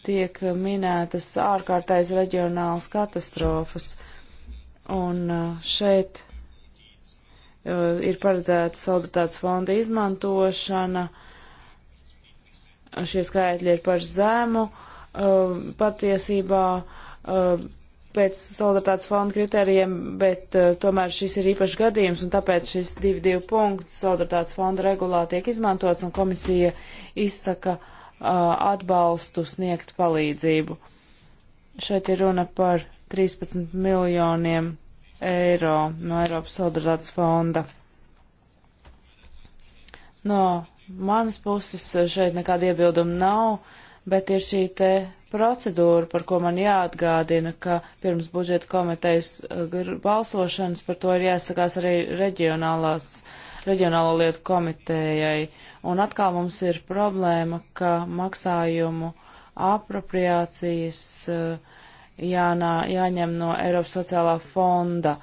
tiek minētas ārkārtais reģionāls katastrofas. Un uh, šeit uh, ir paredzēta solidaritātes fonda izmantošana. Šie skaitļi ir par zemu. Uh, patiesībā pēc solidaritātes fonda kritērijiem, bet uh, tomēr šis ir īpašs gadījums, un tāpēc šis 2-2 punkts solidaritātes fonda regulā tiek izmantots, un komisija izsaka atbalstu, sniegt palīdzību. Šeit ir runa par 13 miljoniem eiro no Eiropas solidaritātes fonda. No manas puses šeit nekāda iebilduma nav, bet ir šī te procedūra, par ko man jāatgādina, ka pirms budžeta komitejas balsošanas par to ir jāsakās arī reģionālās uh, reģionālo lietu komitējai. Un atkal mums ir problēma, ka maksājumu apropriācijas eh, jānā, jāņem no Eiropas sociālā fonda.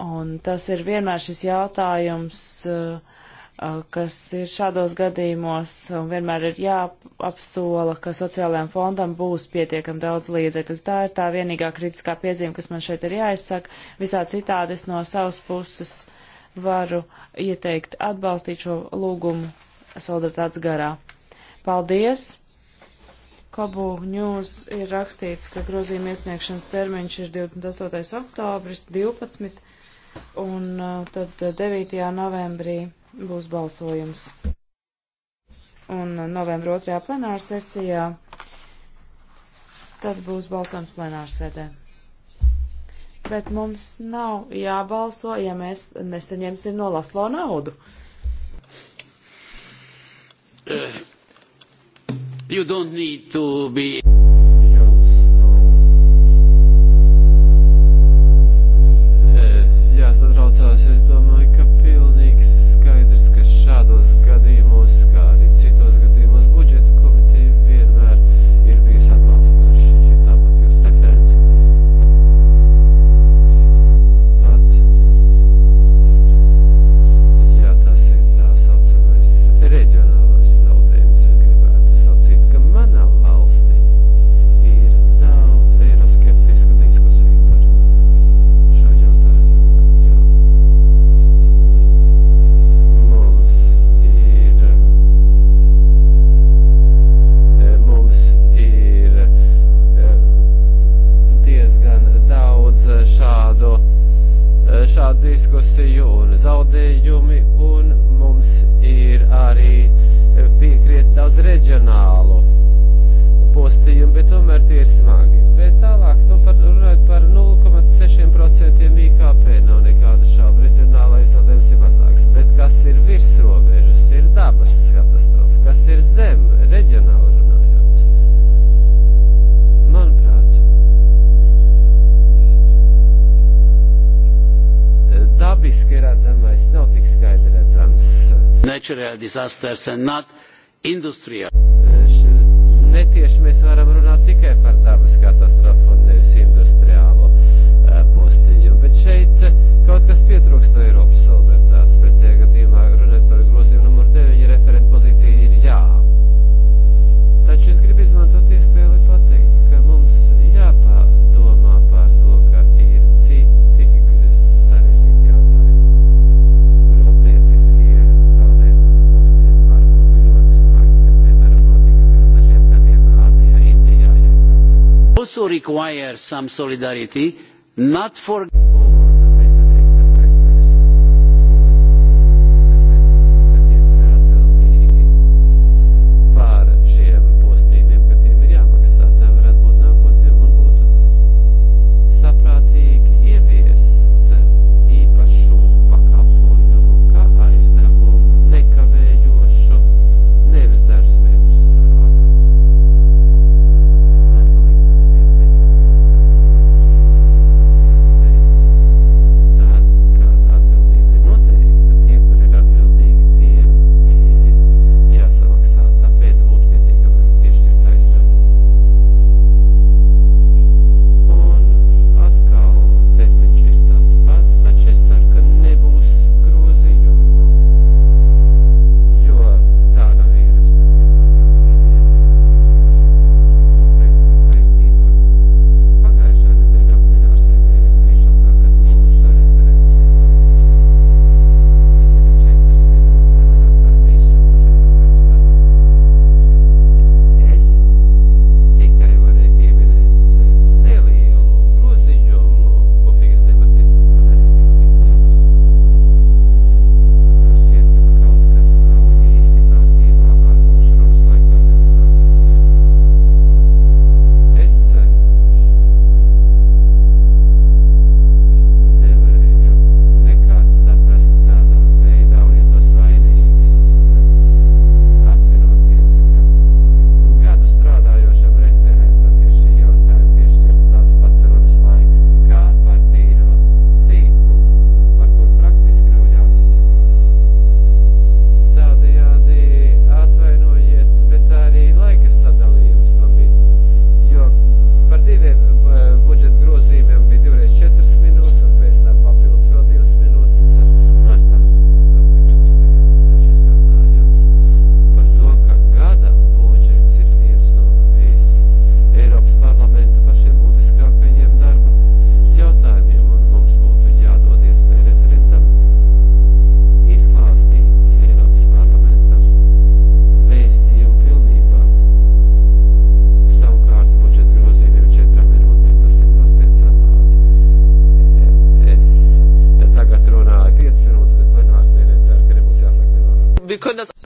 Un tas ir vienmēr šis jautājums, eh, eh, kas ir šādos gadījumos, un vienmēr ir jāapsola, ka sociālajam fondam būs pietiekam daudz līdzekļu. Tā ir tā vienīgā kritiskā piezīme, kas man šeit ir jāizsaka. Visā citādi es no savas puses varu uh, ieteikt atbalstīt šo lūgumu solidaritātes garā. Paldies! Kobu News ir rakstīts, ka grozījuma iesniegšanas termiņš ir 28. oktobris 12. un uh, tad 9. Uh, novembrī būs balsojums. Un uh, novembra 2. plenāra sesijā tad būs balsojums plenāra sēdē bet mums nav jābalso, ja mēs nesaņemsim no Laslo naudu. Eh, you don't need to be disasters and not industrial. require some solidarity not for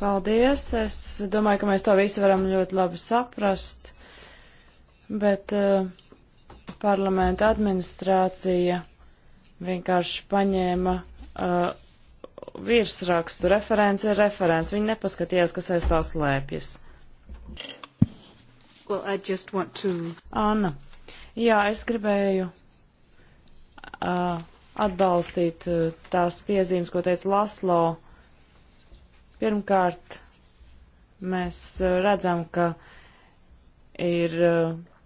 Paldies. Es domāju, ka mēs to visu varam ļoti labi saprast, bet uh, parlamenta administrācija vienkārši paņēma uh, virsrakstu. Referents ir referents. Viņi nepaskatījās, kas aiz tās lēpjas. Well, I just want to... Anna. Jā, es gribēju uh, atbalstīt uh, tās piezīmes, ko teica Laslo Pirmkārt, mēs redzam, ka ir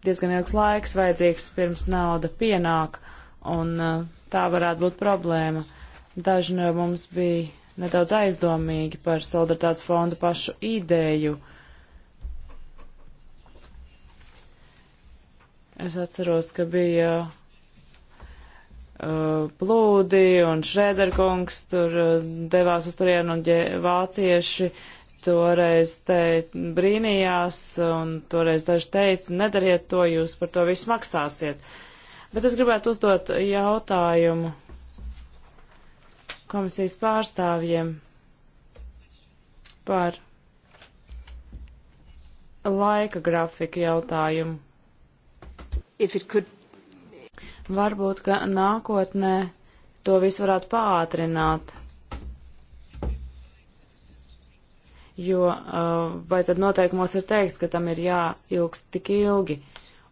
diezgan ilgs laiks vajadzīgs pirms nauda pienāk, un tā varētu būt problēma. Daži no mums bija nedaudz aizdomīgi par solidaritātes fondu pašu ideju. Es atceros, ka bija Uh, plūdi un Šrēderkungs tur uh, devās uz turienu un vācieši toreiz te brīnījās un toreiz daži teica, nedariet to, jūs par to visu maksāsiet. Bet es gribētu uzdot jautājumu komisijas pārstāvjiem par laika grafiku jautājumu. If it could Varbūt, ka nākotnē to visu varētu pātrināt. Jo uh, vai tad noteikumos ir teikts, ka tam ir jāilgst tik ilgi?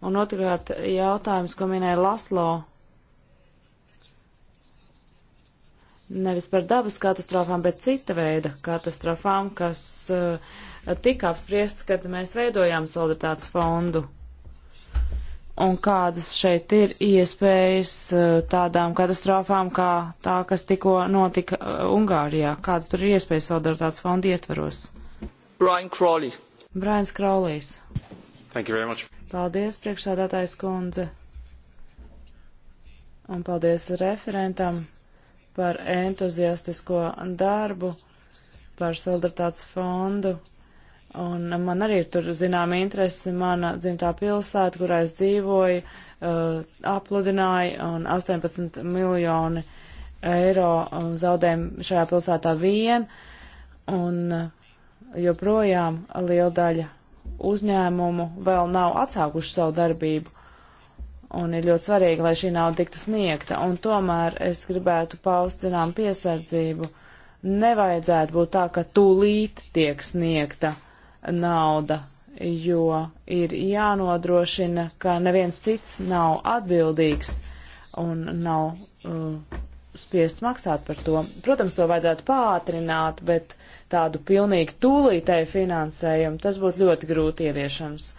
Un otrkārt jautājums, ko minēja Laslo, nevis par dabas katastrofām, bet cita veida katastrofām, kas uh, tika apspriests, kad mēs veidojām solidaritātes fondu un kādas šeit ir iespējas eh, tādām katastrofām kā tā, kas tikko notika eh, Ungārijā? Kādas tur ir iespējas solidaritātes fonda ietvaros? Brian Crowley. Brians Crowleys. Thank you very much. Paldies, priekšsādātājs kundze. Un paldies referentam par entuziastisko darbu, par solidaritātes fondu Un man arī ir tur zinām interesi mana dzimtā pilsēta, kurā es dzīvoju, uh, apludināja un 18 miljoni eiro uh, zaudējumu šajā pilsētā vien. Un uh, joprojām liela daļa uzņēmumu vēl nav atsākuši savu darbību un ir ļoti svarīgi, lai šī nauda tiktu sniegta, un tomēr es gribētu paust zinām piesardzību. Nevajadzētu būt tā, ka tūlīt tiek sniegta nauda, jo ir jānodrošina, ka neviens cits nav atbildīgs un nav uh, spiests maksāt par to. Protams, to vajadzētu pātrināt, bet tādu pilnīgi tūlītēju finansējumu tas būtu ļoti grūti ieviešams.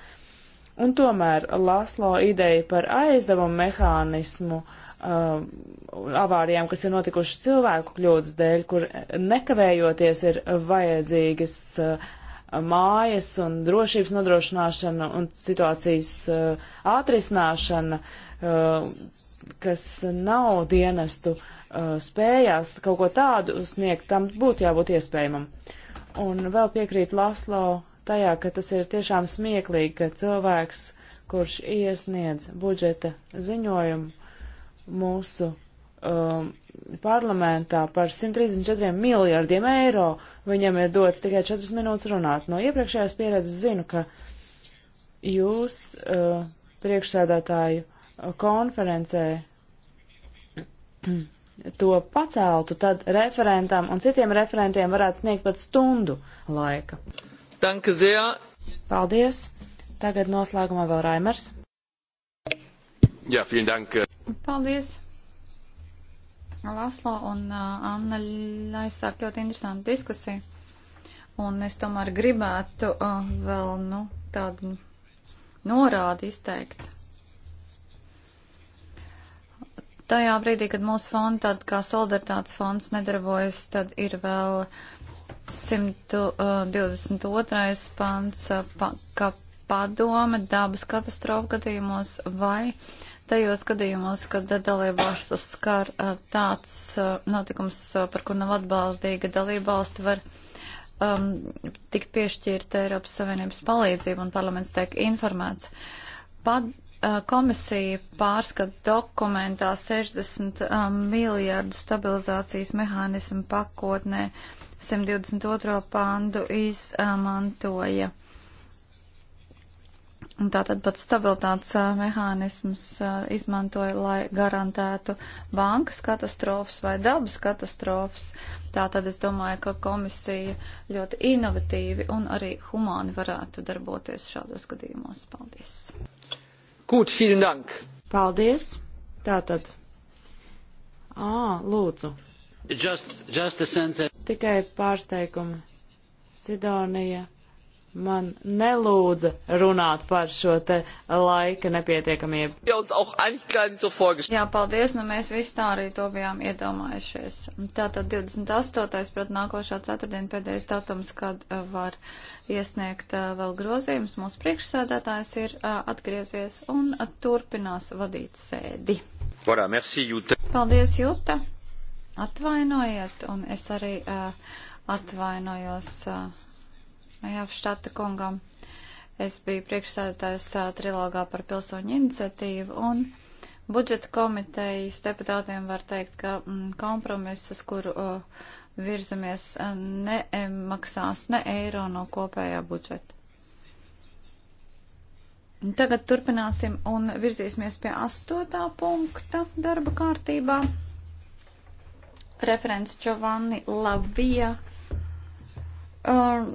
Un tomēr Laslo ideja par aizdevumu mehānismu uh, avārijām, kas ir notikušas cilvēku kļūdas dēļ, kur nekavējoties ir vajadzīgas uh, mājas un drošības nodrošināšana un situācijas uh, atrisināšana, uh, kas nav dienestu uh, spējās kaut ko tādu sniegt, tam būtu jābūt iespējamam. Un vēl piekrīt Laslo tajā, ka tas ir tiešām smieklīgi, ka cilvēks, kurš iesniedz budžeta ziņojumu mūsu um, parlamentā par 134 miljardiem eiro, viņam ir dots tikai 4 minūtes runāt. No iepriekšējās pieredzes zinu, ka jūs uh, priekšsēdētāju uh, konferencē to paceltu, tad referentam un citiem referentiem varētu sniegt pat stundu laika. Danke sehr. Paldies. Tagad noslēgumā vēl Raimers. Jā, ja, vielen dank. Paldies. Laslo un uh, Anna aizsāk ļoti interesantu diskusiju. Un es tomēr gribētu uh, vēl nu, tādu norādi izteikt. Tajā brīdī, kad mūsu fonda, tad kā solidaritātes fonds nedarbojas, tad ir vēl 122. pants, uh, pa, ka padome dabas katastrofu gadījumos vai tajos gadījumos, kad dalībvalstu skar eh, tāds eh, notikums, eh, par kur nav atbaldīga dalībvalstu, var um, tikt piešķirta Eiropas Savienības palīdzība un parlaments tiek informēts. Pad, uh, komisija pārskat dokumentā 60 um, miljārdu stabilizācijas mehānismu pakotnē 122. pandu izmantoja. Um, Tātad pat stabilitātes mehānismus izmantoja, lai garantētu bankas katastrofas vai dabas katastrofas. Tātad es domāju, ka komisija ļoti inovatīvi un arī humāni varētu darboties šādos gadījumos. Paldies. Kūt, vielen dank. Paldies. Tātad. Ā, lūdzu. Just, just Tikai pārsteigumi. Sidonija man nelūdza runāt par šo te laika nepietiekamību. Jā, paldies, nu mēs visi tā arī to bijām iedomājušies. Tātad 28. pret nākošā ceturtdiena pēdējais datums, kad uh, var iesniegt uh, vēl grozījumus. Mūsu priekšsēdētājs ir uh, atgriezies un turpinās vadīt sēdi. Voilà, merci, Juta. Paldies, Juta. Atvainojiet, un es arī atvainojos. Jā, štata kungam. Es biju priekšsēdētājs trilogā par pilsoņu iniciatīvu un budžeta komitejas deputātiem var teikt, ka mm, kompromiss, uz kuru uh, virzamies, nemaksās ne eiro no kopējā budžeta. Tagad turpināsim un virzīsimies pie astotā punkta darba kārtībā. Referents Giovanni Lavija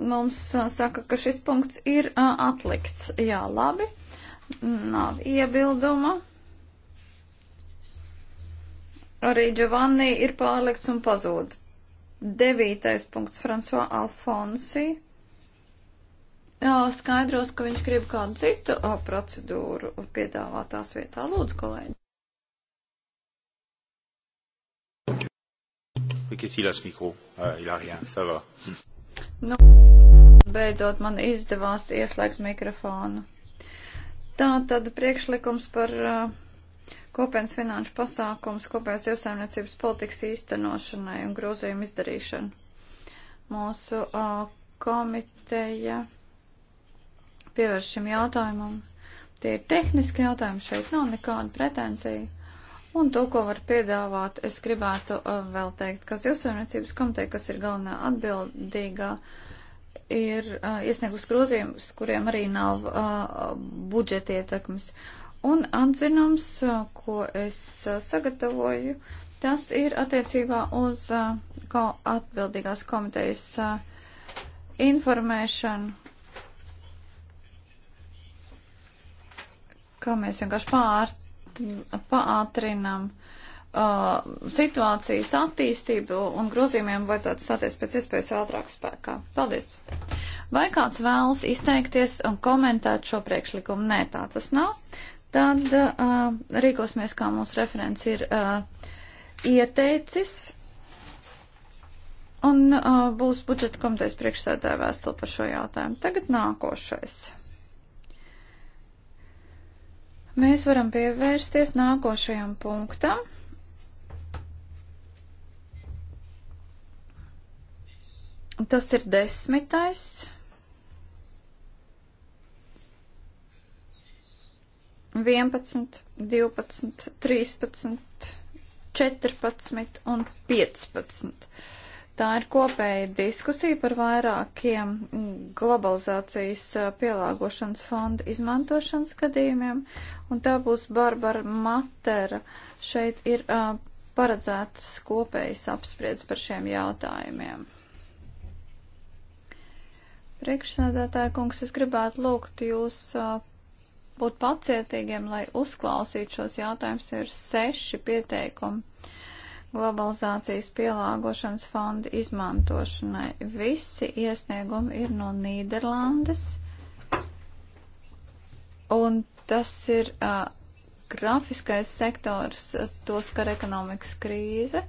mums saka, ka šis punkts ir atlikts. Jā, labi. Nav iebilduma. Arī Giovanni ir pārlikts un pazūd. Devītais punkts François Alfonsi skaidros, ka viņš grib kādu citu procedūru piedāvāt tās vietā. Lūdzu, kolēģi. Oui, qu'est-ce qu'il a ce micro euh, Il a rien, ça va. Nu, beidzot man izdevās ieslēgt mikrofonu. Tā tad priekšlikums par uh, kopienas finanšu pasākums, kopējās jūsēmniecības politikas īstenošanai un grozījumu izdarīšanu. Mūsu uh, komiteja pievērš šim jautājumam. Tie ir tehniski jautājumi, šeit nav nekāda pretensija Un to, ko var piedāvāt, es gribētu uh, vēl teikt, ka Zilsaimniecības komiteja, kas ir galvenā atbildīgā, ir uh, iesniegus grozījumus, kuriem arī nav uh, budžeta ietekmes. Un atzinums, uh, ko es uh, sagatavoju, tas ir attiecībā uz uh, ko atbildīgās komitejas uh, informēšanu kā mēs vienkārši pār, paātrinam uh, situācijas attīstību un grozījumiem vajadzētu stāties pēc iespējas ātrāk spēkā. Paldies! Vai kāds vēlas izteikties un komentēt šo priekšlikumu? Nē, tā tas nav. Tad uh, rīkosimies, kā mūsu referents ir uh, ieteicis. Un uh, būs budžeta komitejas priekšsēdē vēstule par šo jautājumu. Tagad nākošais. Mēs varam pievērsties nākošajam punktam. Tas ir desmitais. Vienpadsmit, divpadsmit, trīspadsmit, četrpadsmit un piecpadsmit. Uh, Tā ir kopēja diskusija par vairākiem globalizācijas pielāgošanas fonda izmantošanas gadījumiem, un tā būs Barbara Matera. Šeit ir uh, paredzētas kopējas apspriedz par šiem jautājumiem. Priekšsēdētāja kungs, es gribētu lūgt jūs uh, būt pacietīgiem, lai uzklausītu šos jautājumus. Ir seši pieteikumi. Uh, globalizācijas pielāgošanas fonda izmantošanai. Visi iesniegumi ir no Nīderlandes, un tas ir uh, grafiskais sektors, uh, to skar ekonomikas krīze,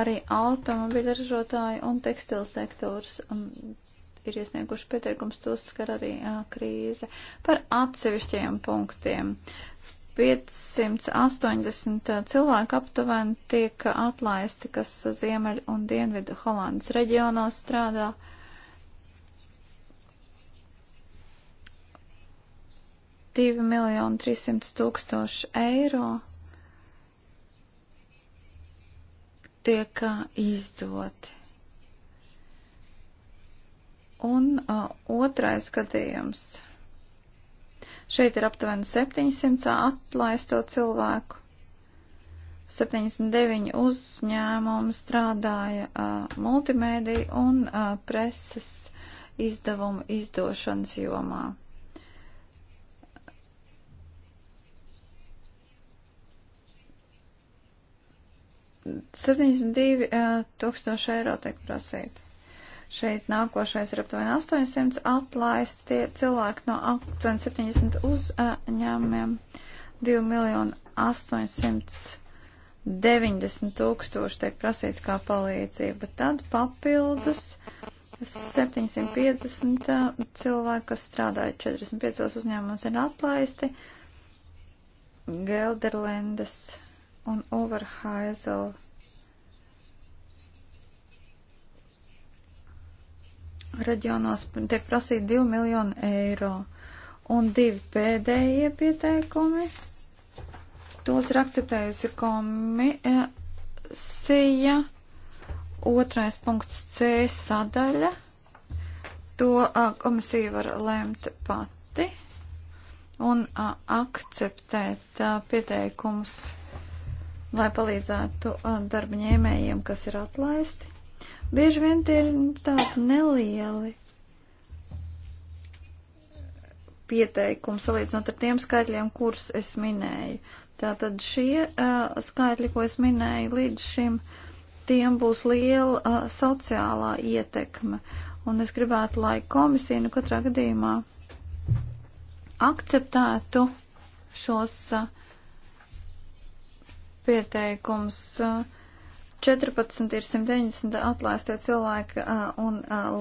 arī automobiļu ražotāji un tekstilu sektors. Um, ir iesnieguši pieteikums, tos skar arī jā, uh, krīze par atsevišķiem punktiem. 580 cilvēku aptuveni tiek atlaisti, kas ziemeļu un dienvidu Holandas reģionos strādā. Divi miljoni trīsimt tūkstoši eiro tiek izdoti. Un uh, otrais skatījums. Šeit ir aptuveni 700 atlaisto cilvēku. 79 uzņēmumi strādāja uh, multimēdiju un uh, preses izdevumu izdošanas jomā. Septiņdesmit divi uh, tūkstoši eiro tiek prasīti. Šeit nākošais ir aptuveni 800 atlaisti cilvēki no aptuveni 70 uzņēmumiem, 2 miljonu 890 tūkstoši tiek prasīts kā palīdzība. Tad papildus 750 cilvēki, kas strādāja 45 uzņēmumos, ir atlaisti. Gelderlendes un Overhaisela reģionos tiek prasīti 2 miljoni eiro. Un divi pēdējie pieteikumi, tos ir akceptējusi komisija, otrais punkts C sadaļa, to komisija var lēmt pati un akceptēt pieteikumus, lai palīdzētu darba ņēmējiem, kas ir atlaisti. Bieži vien tie ir tādi nelieli pieteikumi salīdzinot ar tiem skaitļiem, kurus es minēju. Tātad šie uh, skaitļi, ko es minēju līdz šim, tiem būs liela uh, sociālā ietekme. Un es gribētu, lai komisija nu katrā gadījumā akceptētu šos uh, eh, pieteikums. Uh, 14 ir 190 atlaistie cilvēki un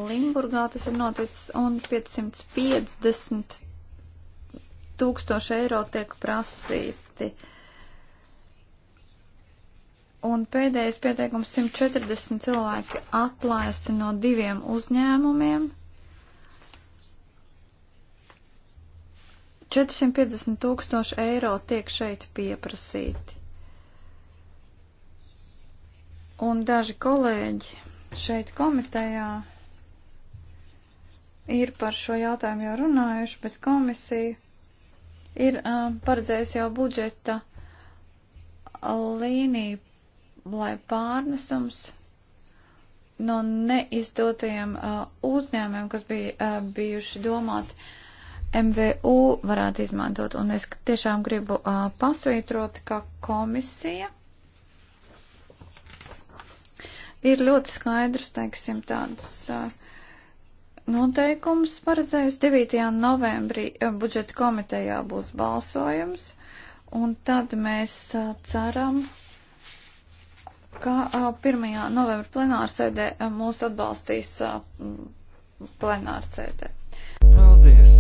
Limburgā tas ir noticis un 550 tūkstoši eiro tiek prasīti. Un pēdējais pieteikums 140 cilvēki atlaisti no diviem uzņēmumiem. 450 tūkstoši eiro tiek šeit pieprasīti un daži kolēģi šeit komitejā ir par šo jautājumu jau runājuši, bet komisija ir uh, paredzējusi jau budžeta līniju, lai pārnesums no neizdotajiem uh, uzņēmumiem, kas bija uh, bijuši domāti, MVU varētu izmantot. Un es tiešām gribu uh, pasvītrot, ka komisija ir ļoti skaidrs, teiksim, tāds noteikums paredzējis. 9. novembrī budžeta komitejā būs balsojums, un tad mēs ceram, ka 1. novembra plenārsēdē mūs atbalstīs plenārsēdē. Paldies!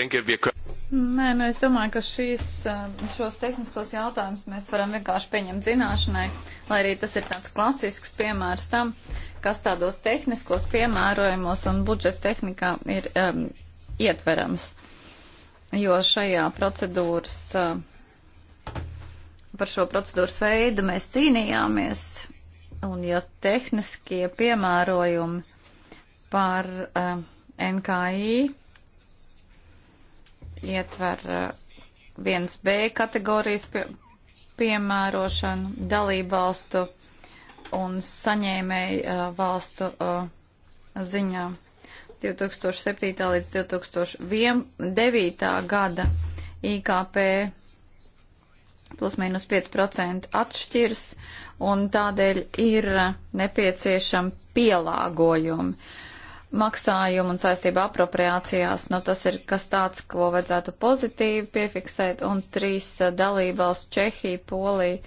denke, wir können. Nē, nu es domāju, ka šīs, šos tehniskos jautājumus mēs varam vienkārši pieņemt zināšanai, lai arī tas ir tāds klasisks piemērs tam, kas tādos tehniskos piemērojumos un budžeta tehnikā ir um, ietverams. Jo šajā procedūras, uh, par šo procedūras veidu mēs cīnījāmies, un ja tehniskie piemērojumi par uh, NKI ietver uh, viens B kategorijas pie, piemērošanu dalībvalstu un saņēmēju uh, valstu uh, ziņā. 2007. līdz 2009. gada IKP plus mīnus 5% atšķirs, un tādēļ ir nepieciešami pielāgojumi maksājumu un saistību apropriācijās, nu tas ir kas tāds, ko vajadzētu pozitīvi piefiksēt, un trīs eh, dalībvalsts Čehija, Polija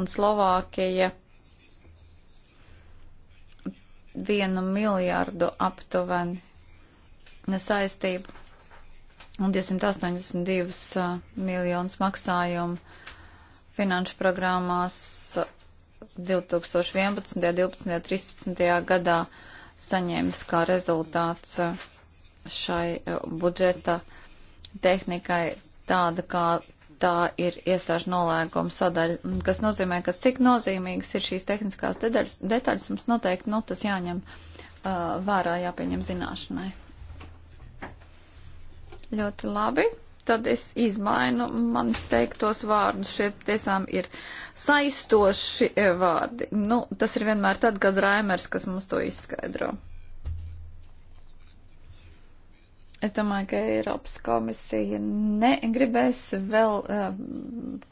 un Slovākija vienu miljārdu aptuveni nesaistību un 282 eh, miljonus maksājumu finanšu programmās 2011., 2012., 2013. gadā saņēmis kā rezultāts uh, šai uh, budžeta tehnikai tāda, kā tā ir iestāžu nolēguma sadaļa, kas nozīmē, ka cik nozīmīgas ir šīs tehniskās detaļas, detaļas mums noteikti, nu, tas jāņem uh, vērā, jāpieņem zināšanai. Ļoti labi tad es izmainu manis teiktos vārdus. Šie tiešām ir saistoši e, vārdi. Nu, tas ir vienmēr tad, kad Raimers, kas mums to izskaidro. Es domāju, ka Eiropas komisija negribēs vēl uh,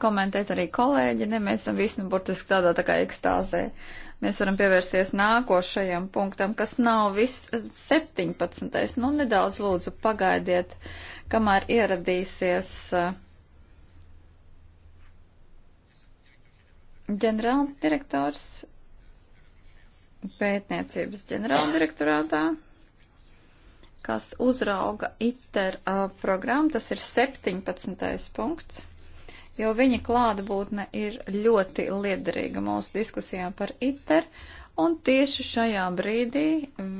komentēt arī kolēģi, ne mēs esam visi nu burtiski tādā tā kā ekstāzē. Uh, Mēs varam pievērsties nākošajam punktam, kas nav viss 17. Nu, nedaudz lūdzu pagaidiet, kamēr ieradīsies uh, ģenerāldirektors pētniecības ģenerāldirektorātā kas uzrauga ITER uh, programmu. Tas ir 17. punkts jo viņa klātbūtne ir ļoti liederīga mūsu diskusijā par ITER, un tieši šajā brīdī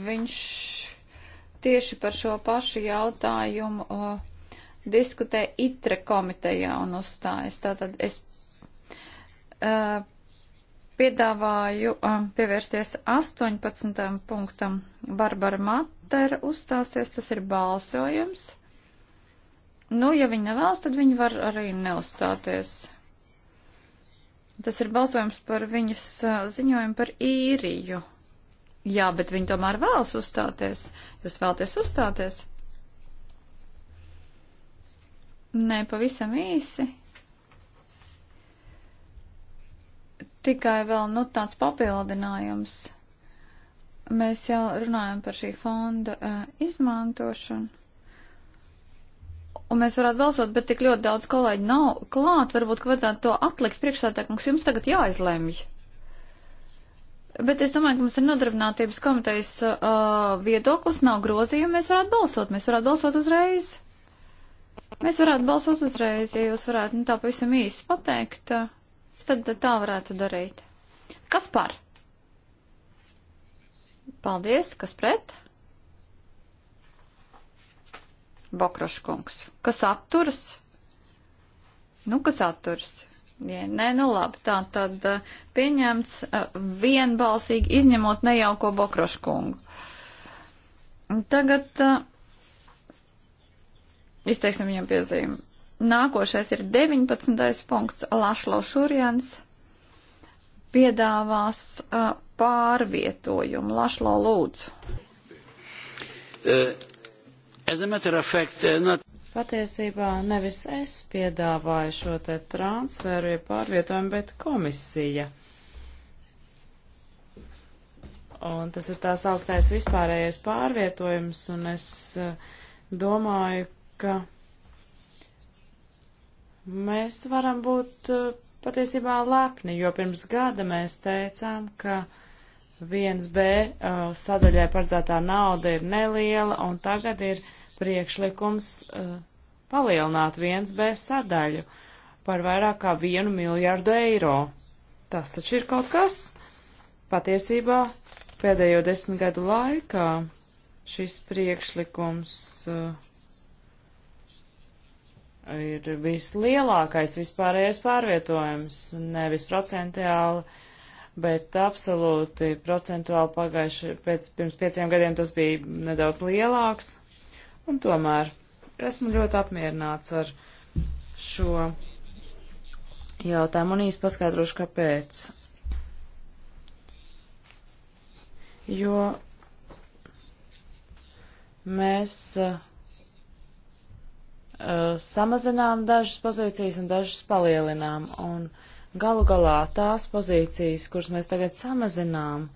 viņš tieši par šo pašu jautājumu o, diskutē ITRE komitejā un uzstājas. Tātad es uh, piedāvāju uh, pievērsties 18. punktam Barbara Matera uzstāsies, tas ir balsojums. Nu, ja viņi nevēlas, tad viņi var arī neuzstāties. Tas ir balsojums par viņas ziņojumu par īriju. Jā, bet viņi tomēr vēlas uzstāties. Jūs vēlaties uzstāties? Nē, pavisam īsi. Tikai vēl nu, tāds papildinājums. Mēs jau runājam par šī fonda uh, izmantošanu un mēs varētu balsot, bet tik ļoti daudz kolēģi nav klāt, varbūt, ka vajadzētu to atlikt priekšsēdētāk, mums jums tagad jāizlemj. Bet es domāju, ka mums ir nodarbinātības komitejas uh, viedoklis, nav grozījumi, mēs varētu balsot, mēs varētu balsot uzreiz. Mēs varētu balsot uzreiz, ja jūs varētu, nu tā pavisam īsi pateikt, uh, tad tā varētu darīt. Kas par? Paldies, kas pret? Bokroškungs. Kas atturas? Nu, kas atturas? Ja, nē, nu labi, tā tad eh, pieņemts eh, vienbalsīgi izņemot nejauko Bokroškungu. Tagad eh, izteiksim viņam piezīmi. Nākošais ir 19. punkts. Lašlau Šurjans piedāvās pārvietojumu. Lašlau lūdzu. Uh. Fact, uh, not... Patiesībā nevis es piedāvāju šo te transferu, ja pārvietojumu, bet komisija. Un tas ir tās augtais vispārējais pārvietojums, un es uh, domāju, ka mēs varam būt uh, patiesībā lepni, jo pirms gada mēs teicām, ka uh, 1B uh, sadaļai paredzētā nauda ir neliela, un tagad ir priekšlikums uh, palielināt 1B sadaļu par vairāk kā 1 miljārdu eiro. Tas taču ir kaut kas. Patiesībā pēdējo desmit gadu laikā šis priekšlikums uh, ir vislielākais vispārējais pārvietojums, nevis procentuāli bet absolūti procentuāli pagājuši pēc pirms pieciem gadiem tas bija nedaudz lielāks, un tomēr esmu ļoti apmierināts ar šo jautājumu un īsti paskaidrošu, kāpēc. Jo mēs uh, uh samazinām dažas pozīcijas un dažas palielinām. Un, uh, galu galā tās pozīcijas, kuras mēs tagad samazinām, eh,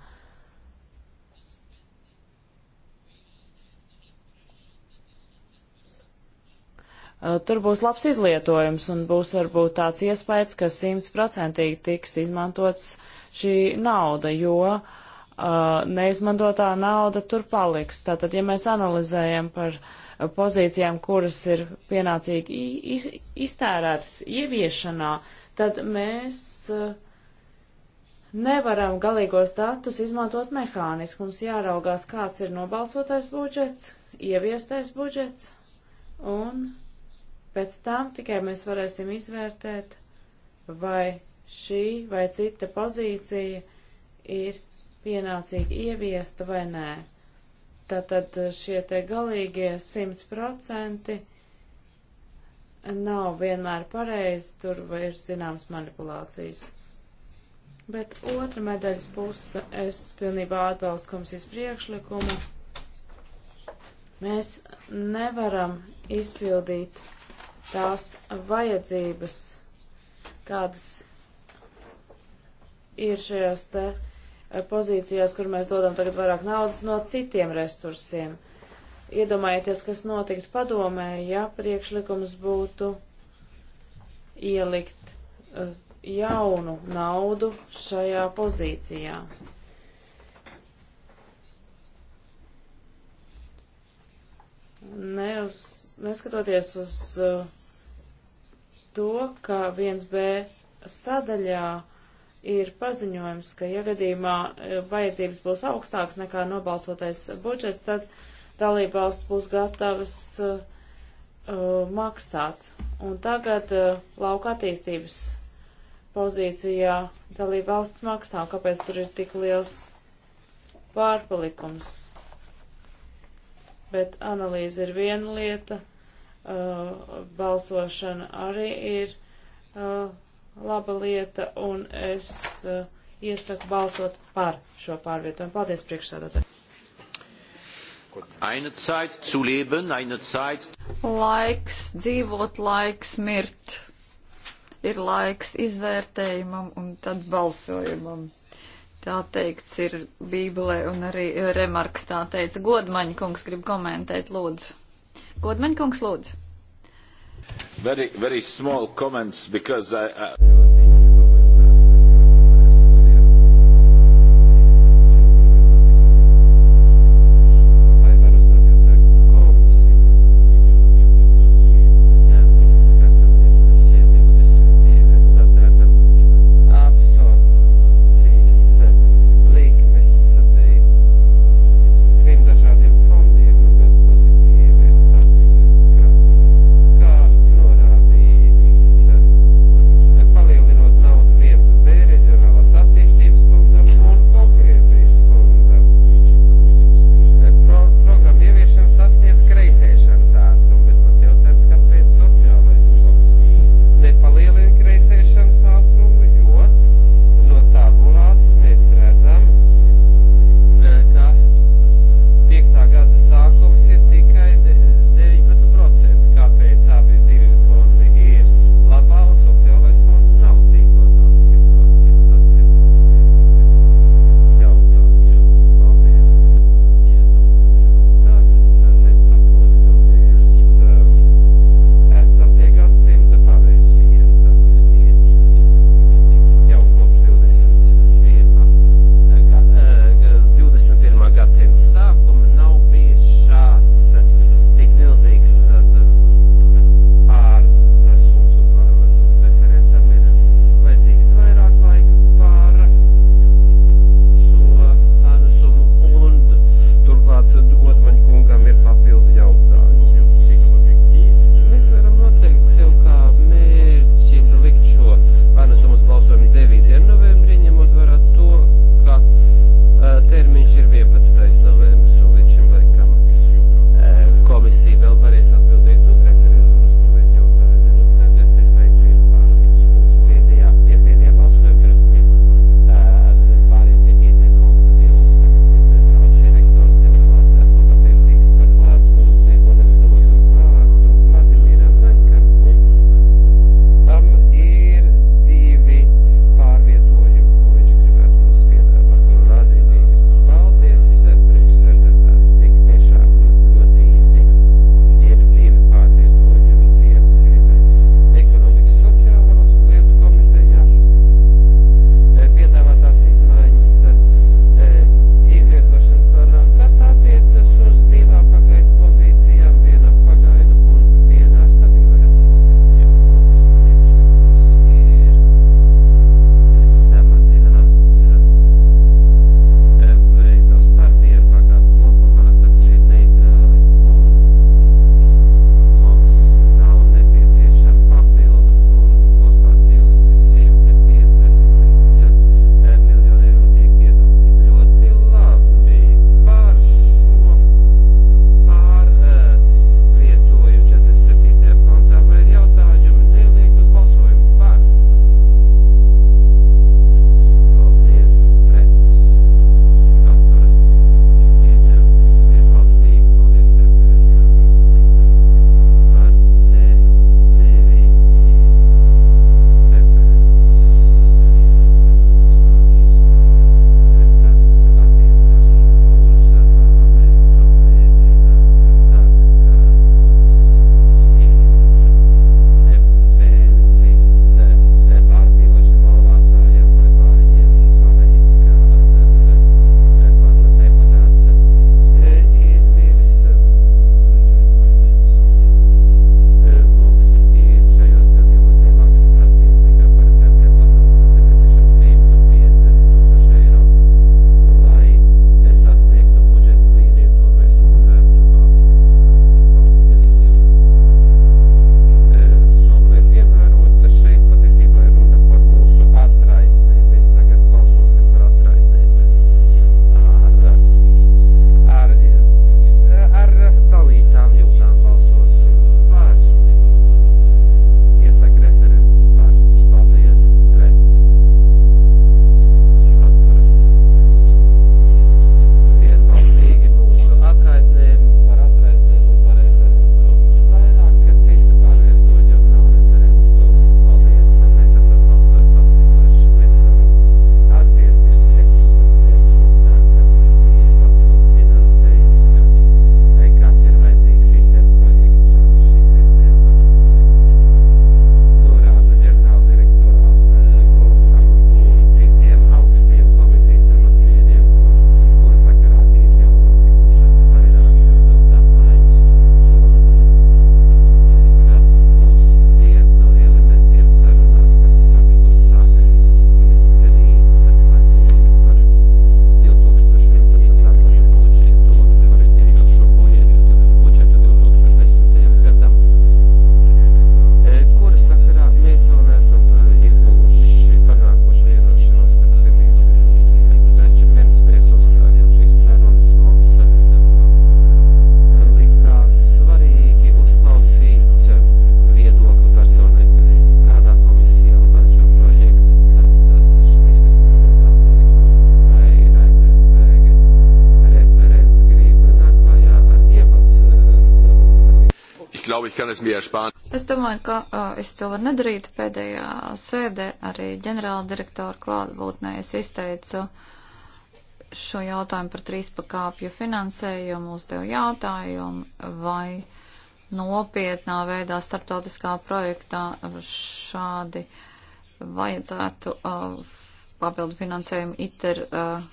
tur būs labs izlietojums un būs varbūt tāds iespējas, ka simtprocentīgi tiks izmantots šī nauda, jo uh, neizmantotā nauda tur paliks. Tātad, ja mēs analizējam par eh, pozīcijām, kuras ir pienācīgi iz, iztērētas ieviešanā, uh, tad mēs eh, nevaram galīgos datus izmantot mehāniski. Mums jāraugās, kāds ir nobalsotais budžets, ieviestais budžets, un pēc tam tikai mēs varēsim izvērtēt, vai šī vai cita pozīcija ir pienācīgi ieviesta vai nē. Tātad eh, šie te galīgie 100% nav vienmēr pareizi, tur ir zināmas manipulācijas. Bet otra medaļas puse, es pilnībā atbalstu komisijas priekšlikumu. Mēs nevaram izpildīt tās vajadzības, kādas ir šajās te pozīcijās, kur mēs dodam tagad vairāk naudas no citiem resursiem. Uh, Iedomājieties, kas notiktu padomē, ja priekšlikums būtu ielikt eh, jaunu naudu šajā pozīcijā. Ne uz, neskatoties uz eh, to, ka 1B sadaļā ir paziņojums, ka ja gadījumā eh, vajadzības būs augstāks nekā nobalsotais budžets, tad uh, dalībvalsts būs gatavas uh, uh, maksāt. Un tagad uh, lauka attīstības pozīcijā dalībvalsts maksā, kāpēc tur ir tik liels pārpalikums. Bet analīze ir viena lieta, uh, balsošana arī ir uh, laba lieta, un es uh, iesaku balsot par šo pārvietojumu. Paldies priekšsēdētāji! Laiks dzīvot, laiks mirt. Ir laiks izvērtējumam un tad balsojumam. Tā teikts ir Bībelē un arī Remarks tā teica. Godmaņa kungs grib komentēt, lūdzu. Godmaņa kungs, lūdzu. Very, very small comments because I... I... glaube, ich kann es mir ersparen. Es domāju, ka uh, es to varu nedarīt. Pēdējā sēdē arī ģenerāla direktora klātbūtnē es izteicu šo jautājumu par trīspakāpju finansējumu, uzdevu jautājumu, vai nopietnā veidā starptautiskā projektā šādi vajadzētu uh, papildu finansējumu ITER uh,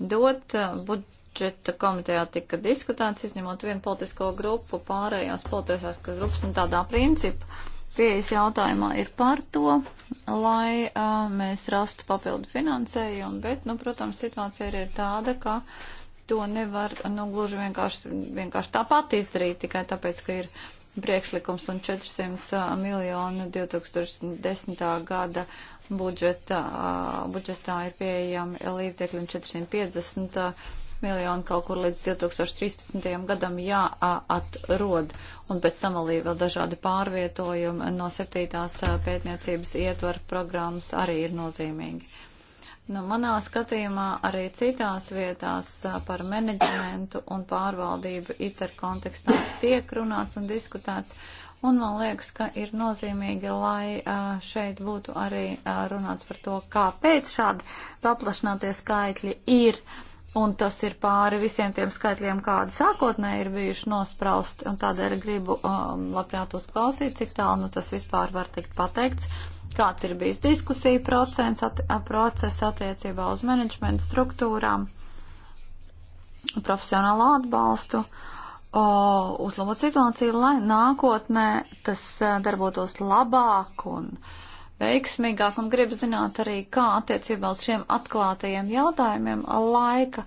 dot. Uh, bud budžeta komitejā tika diskutēts, izņemot vienu politisko grupu, pārējās politiskās grupas un tādā principa pieejas jautājumā ir par to, lai uh, mēs rastu papildu finansējumu, bet, nu, protams, situācija ir tāda, ka to nevar, nu, gluži vienkārši, vienkārši tāpat izdarīt, tikai tāpēc, ka ir priekšlikums un 400 miljonu 2010. gada budžeta, uh, budžetā ir pieejami līdzekļi un 450 miljoni kaut kur līdz 2013. gadam jāatrod, un pēc samalī vēl dažādi pārvietojumi no septītās pētniecības ietvaru programmas arī ir nozīmīgi. Nu, manā skatījumā arī citās vietās par menedžmentu un pārvaldību ITER kontekstā tiek runāts un diskutēts, un man liekas, ka ir nozīmīgi, lai šeit būtu arī runāts par to, kāpēc šādi paplašinātie skaitļi ir Un tas ir pāri visiem tiem skaitļiem, kādi sākotnēji ir bijuši nosprausti, un tādēļ gribu um, labprāt uzklausīt, cik tālu nu, tas vispār var tikt pateikts, kāds ir bijis diskusija procents, at, process attiecībā uz menedžmenta struktūrām, profesionālo atbalstu, o, uzlabot situāciju, lai nākotnē tas darbotos labāk un uh, veiksmīgāk un gribu zināt arī, kā attiecībā uz šiem atklātajiem jautājumiem laika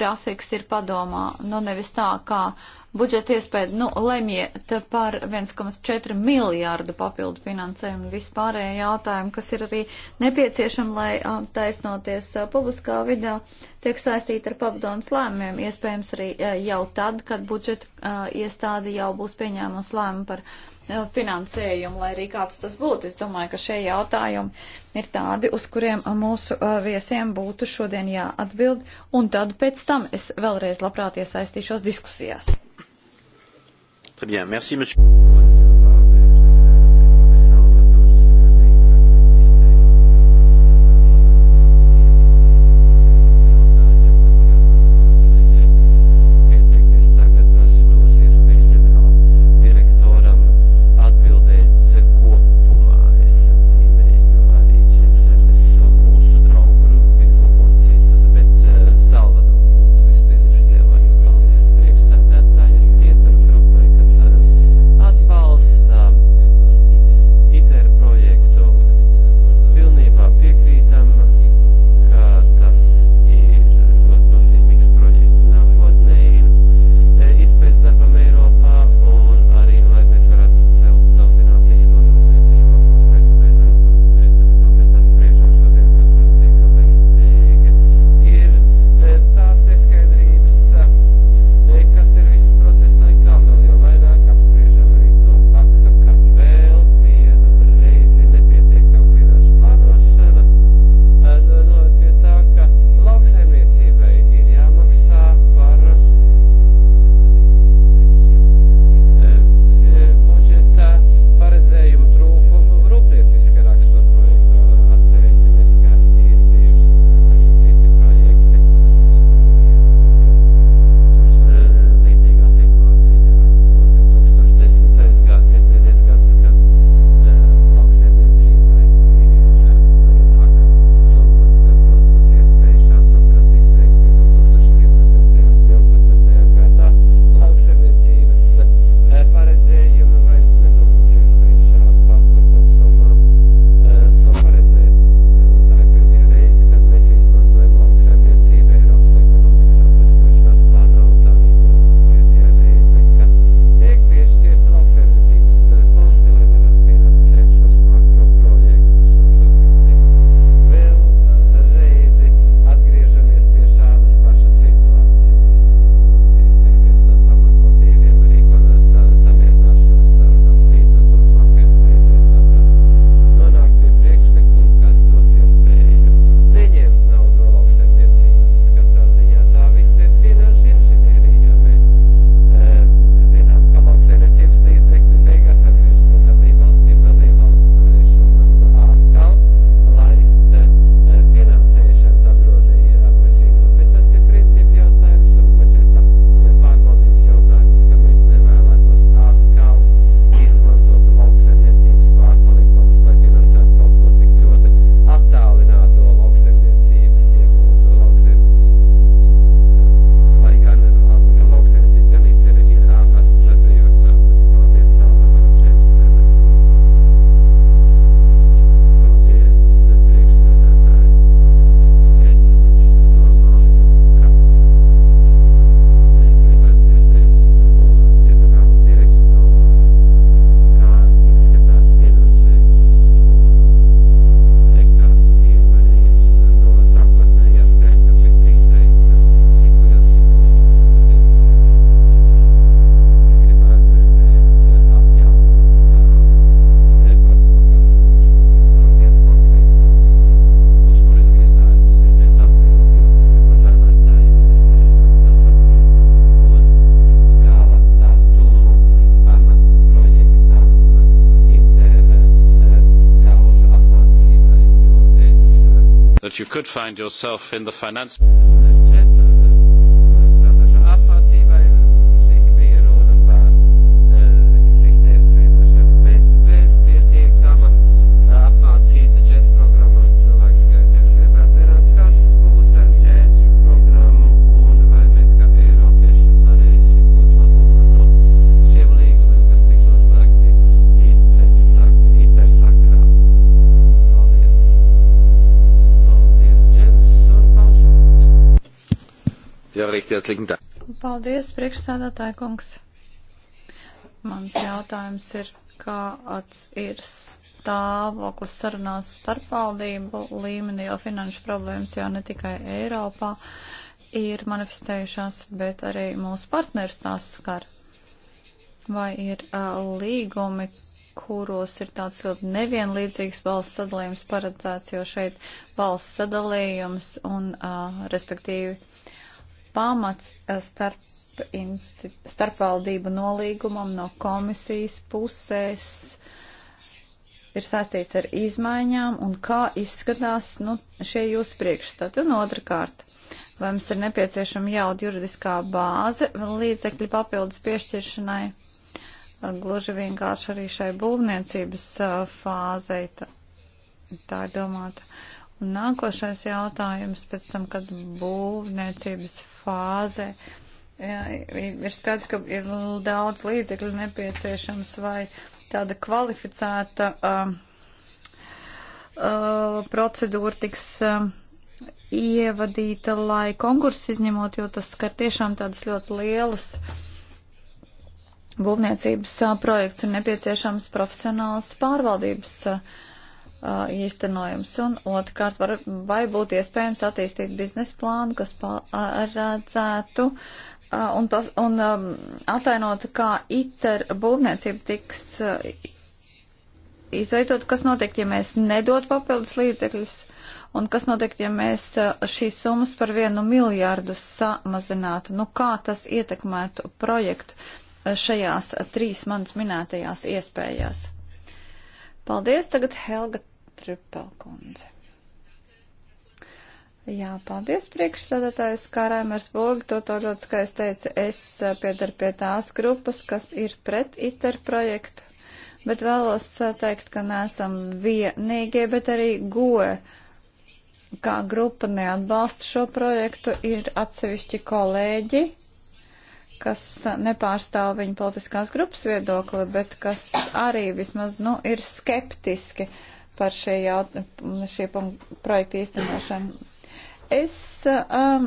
grafiks ir padomā. Nu, nevis tā, kā budžeta iespēju, nu, lemjiet par 1,4 miljārdu papildu finansējumu un vispārējā jautājumu, kas ir arī nepieciešama, lai taisnoties publiskā vidā, tiek saistīta ar papadonas lēmumiem, iespējams arī jau tad, kad budžeta iestāde jau būs pieņēmusi lēmumu par finansējumu, lai arī kāds tas būtu. Es domāju, ka šie jautājumi ir tādi, uz kuriem mūsu viesiem būtu šodien jāatbild, un tad pēc tam es vēlreiz labprāt iesaistīšos diskusijās. Très bien. Merci, monsieur. find yourself in the finance. recht herzlichen Dank. Paldies, priekšsēdētāji kungs. Mans jautājums ir, kāds ir stāvoklis sarunās starpvaldību līmenī, jo finanšu problēmas jau ne tikai Eiropā ir manifestējušās, bet arī mūsu partners tās skar. Vai ir uh, līgumi, kuros ir tāds ļoti nevienlīdzīgs balss sadalījums paredzēts, jo šeit balss sadalījums un, uh, respektīvi, pamats eh, starp, starpvaldību nolīgumam no komisijas pusēs ir saistīts ar izmaiņām un kā izskatās nu, šie jūsu priekšstati. Un otrkārt, vai mums ir nepieciešama jau juridiskā bāze līdzekļu papildus piešķiršanai, eh, gluži vienkārši arī šai būvniecības eh, fāzei. Tā, tā ir domāta. Un nākošais jautājums pēc tam, kad būvniecības fāze. Jā, ir skaidrs, ka ir daudz līdzekļu nepieciešams vai tāda kvalificēta uh, uh, procedūra tiks uh, ievadīta, lai konkursus izņemot, jo tas skar tiešām tādas ļoti lielas būvniecības uh, projekts un nepieciešams profesionāls pārvaldības. Uh, uh, īstenojums. Un otrkārt, var, vai būtu iespējams attīstīt biznesa plānu, kas paredzētu uh, un, pas, un um, atainot, kā ITER būvniecība tiks uh, izveidot, kas notiek, ja mēs nedod papildus līdzekļus, un kas notiek, ja mēs šīs summas par vienu miljārdu samazinātu. Nu, kā tas ietekmētu projektu šajās trīs manas minētajās iespējās? Paldies, tagad Helga Trupelkundze. Jā, paldies priekšsēdētājs Kārēmers Bogi, to to ļoti skaisti teica. Es piedaru pie tās grupas, kas ir pret ITER projektu, bet vēlos teikt, ka neesam vienīgie, bet arī GOE, kā grupa neatbalsta šo projektu, ir atsevišķi kolēģi, kas nepārstāv viņa politiskās grupas viedokli, bet kas arī vismaz, nu, ir skeptiski. Uh, par šī, jaut, šī projekta īstenošanu. Es um,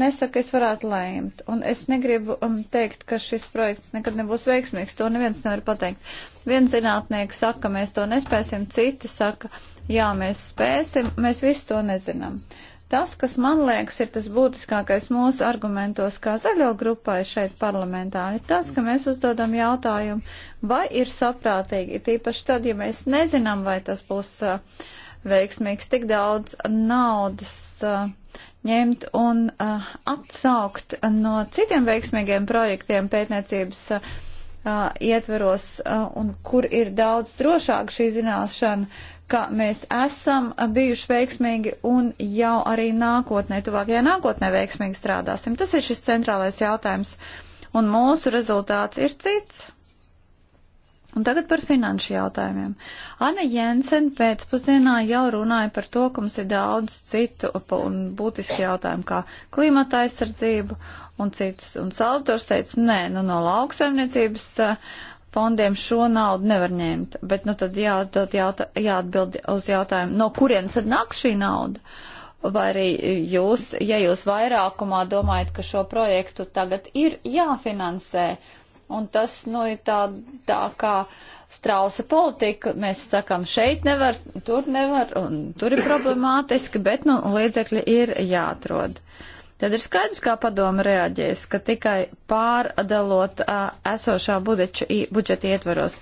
nesaku, es varētu lēmt, un es negribu um, teikt, ka šis projekts nekad nebūs veiksmīgs, to neviens nevar pateikt. Viens zinātnieks saka, mēs to nespēsim, citi saka, jā, mēs spēsim, mēs visu to nezinām. Uh, Tas, kas man liekas, ir tas būtiskākais mūsu argumentos, kā zaļo grupai šeit parlamentā, ir tas, ka mēs uzdodam jautājumu, vai ir saprātīgi, tīpaši tad, ja mēs nezinām, vai tas būs uh, veiksmīgs, tik daudz naudas uh, ņemt un uh, atsaukt no citiem veiksmīgiem projektiem pētniecības uh, ietveros, uh, un kur ir daudz drošāk šī zināšana ka mēs esam bijuši veiksmīgi un jau arī nākotnē, tuvākajā nākotnē veiksmīgi strādāsim. Tas ir šis centrālais jautājums. Un mūsu rezultāts ir cits. Un tagad par finanšu jautājumiem. Ana Jensen pēcpusdienā jau runāja par to, ka mums ir daudz citu un būtiski jautājumu, kā klimata aizsardzību un citus. Un Salvators teica, nē, nu no lauksaimniecības uh, fondiem šo naudu nevar ņemt, bet nu tad jādod, jauta, jāatbild uz jautājumu, no kurienes tad nāk šī nauda? Vai arī jūs, ja jūs vairākumā domājat, ka šo projektu tagad ir jāfinansē, un tas, nu, ir tā, tā kā strausa politika, mēs sakam, šeit nevar, tur nevar, un tur ir problemātiski, bet, nu, līdzekļi ir jāatrod tad ir skaidrs, kā padoma reaģēs, ka tikai pārdalot uh, esošā budžeta, budžeta ietveros.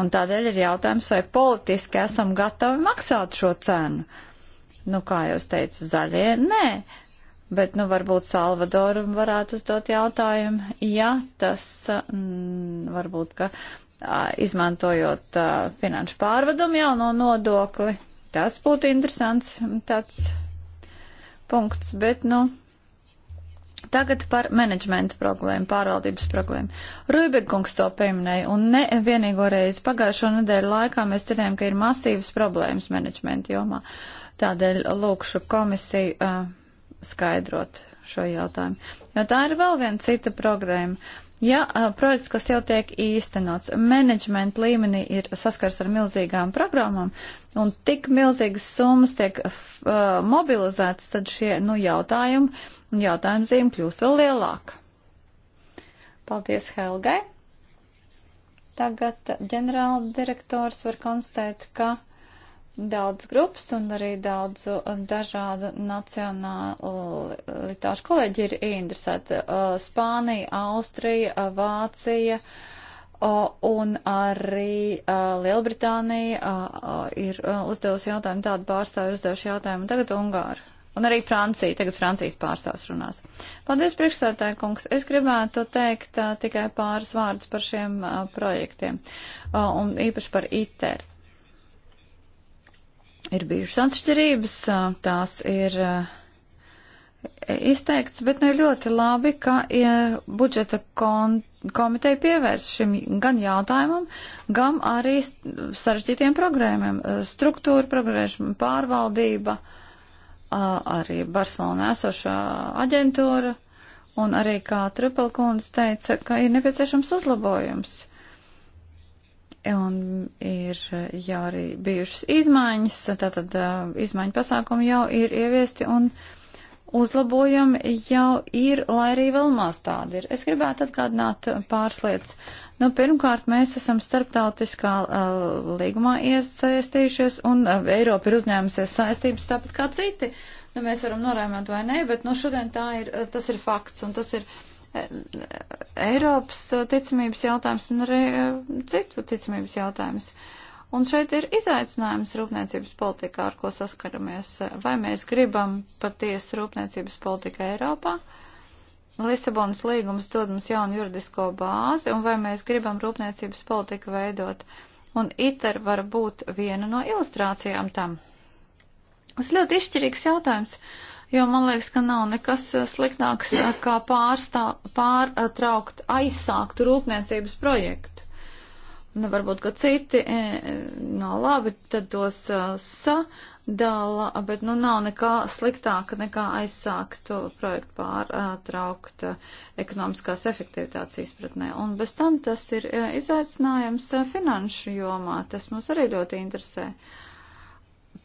Un tādēļ ir jautājums, vai politiski esam gatavi maksāt šo cenu. Nu, kā jūs teicu, zaļie, nē. Bet, nu, varbūt Salvadoram varētu uzdot jautājumu, ja tas, mm, varbūt, ka izmantojot uh, finanšu pārvedumu jauno nodokli. Tas būtu interesants tāds punkts, bet, nu, Tagad par menedžmenta problēmu, pārvaldības problēmu. Rūbekungs to pieminēja, un ne vienīgo reizi pagājušo nedēļu laikā mēs cerējām, ka ir masīvas problēmas menedžmenta jomā. Tādēļ lūkšu komisiju uh, skaidrot šo jautājumu. Jo tā ir vēl viena cita problēma. Ja uh, projekts, kas jau tiek īstenots, menedžment līmenī ir saskars ar milzīgām programmām un tik milzīgas summas tiek uh, mobilizētas, tad šie nu, jautājumi un jautājumu zīme kļūst vēl lielāka. Paldies Helgai. Tagad ģenerāla direktors var konstatēt, ka daudz grupas un arī daudz uh, dažādu nacionālitāšu uh, kolēģi ir ieinteresēti. Uh, Spānija, Austrija, Vācija un arī Lielbritānija ir uzdevusi jautājumu, tādu pārstāvju uzdevuši jautājumu, tagad Ungāra. Un arī Francija, tagad Francijas pārstāvs runās. Paldies, priekšsētāji kungs. Es gribētu teikt tikai pāris vārdus par šiem projektiem un īpaši par ITER ir bijušas atšķirības, tās ir izteikts, bet nu ir ļoti labi, ka ja budžeta kon, komiteja pievērš šim gan jautājumam, gan arī sarežģītiem programmiem - struktūra, programmēšana, pārvaldība, arī Barcelona esošā aģentūra, un arī, kā Trupelkundze teica, ka ir nepieciešams uzlabojums Un ir e, jau arī bijušas izmaiņas, tātad e, izmaiņu pasākumi jau ir ieviesti un uzlabojumi jau ir, lai arī vēl maz tādi ir. Es gribētu atgādināt pāris lietas. Nu, pirmkārt, mēs esam starptautiskā uh, līgumā iesaistījušies, un uh, Eiropa ir uzņēmusies saistības tāpat kā citi. Nu, mēs varam norēmēt vai nē, bet nu, šodien tā ir, tas ir fakts, un tas ir Eiropas eh, ticamības jautājums un arī eh, citu ticamības jautājums. Un šeit ir izaicinājums rūpniecības politikā, ar ko saskaramies. Vai mēs gribam patiesu rūpniecības politiku Eiropā? Lisabonas līgums dod mums jaunu juridisko bāzi, un vai mēs gribam rūpniecības politiku veidot? Un ITER var būt viena no ilustrācijām tam. Tas ļoti izšķirīgs jautājums. Uh, jo man liekas, ka nav nekas eh, sliktāks, eh, kā pārstā, pārtraukt, aizsākt rūpniecības projektu. Nu, varbūt, ka citi eh, nav labi, tad tos sadala, bet nu nav nekā sliktāka nekā aizsākt projektu pārtraukt ekonomiskās efektivitātes izpratnē. Un bez tam tas ir izaicinājums finanšu jomā, tas mūs arī ļoti interesē. Uh,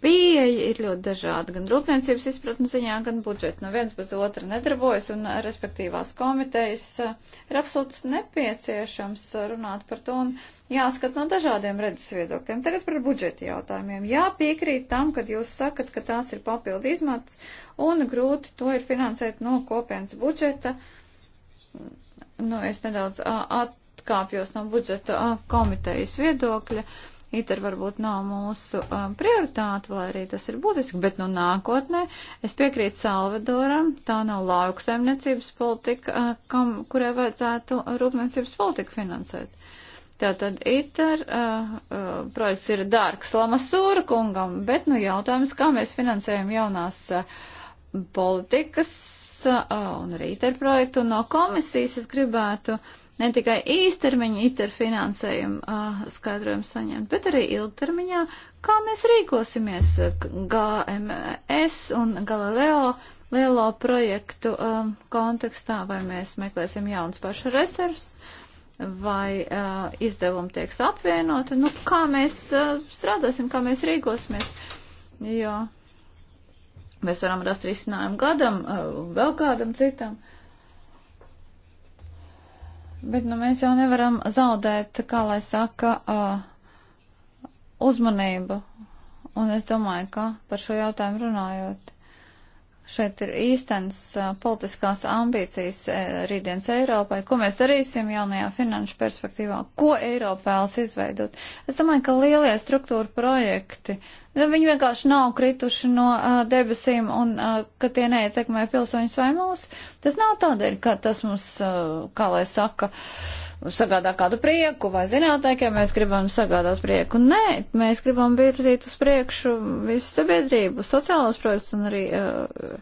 pieeja ir ļoti dažāda, gan rūpniecības izpratnes ziņā, gan budžeta. No viens bez otra nedarbojas, un eh, respektīvās komitejas eh, ir absolūti nepieciešams eh, runāt par to un jāskat no dažādiem redzes viedokļiem. Tagad par budžeta jautājumiem. Jā, piekrīt tam, kad jūs sakat, ka tās ir papildu izmatas, un grūti to ir finansēt no kopienas budžeta. Nu, es nedaudz atkāpjos no budžeta komitejas viedokļa. Uh, ITER varbūt nav mūsu um, prioritāte, lai arī tas ir būtiski, bet nu nākotnē es piekrītu Salvadoram, tā nav lauksaimniecības politika, uh, kam, kurai vajadzētu rūpniecības politiku finansēt. Tātad ITER uh, uh, projekts ir dārgs Lamasūra kungam, bet nu jautājums, kā mēs finansējam jaunās uh, politikas uh, un arī ITER projektu, un no komisijas es gribētu. Uh, ne tikai īstermiņa ITER finansējumu uh, skaidrojumu saņemt, bet arī ilgtermiņā, kā mēs rīkosimies GMS un Galileo lielo projektu um, kontekstā, vai mēs meklēsim jauns pašu resursus, vai uh, izdevumi tieks apvienoti, nu kā mēs uh, strādāsim, kā mēs rīkosimies, jo mēs varam rast risinājumu gadam, uh, vēl kādam citam. Uh, Bet nu, mēs jau nevaram zaudēt, kā lai saka, uzmanību. Un es domāju, ka par šo jautājumu runājot, šeit ir īstenas politiskās ambīcijas rītdienas Eiropai. Ko mēs darīsim jaunajā finanšu perspektīvā? Ko Eiropa vēlas izveidot? Es domāju, ka lielie struktūra projekti uh, viņi vienkārši nav krituši no uh, debesīm un uh, ka tie neietekmē pilsoņus vai mūs. Tas nav tādēļ, ka tas mums, uh, kā lai saka, sagādā kādu prieku vai zinātniekiem mēs gribam sagādāt prieku. Nē, mēs gribam virzīt uz priekšu visu sabiedrību, sociālos projektus un arī uh,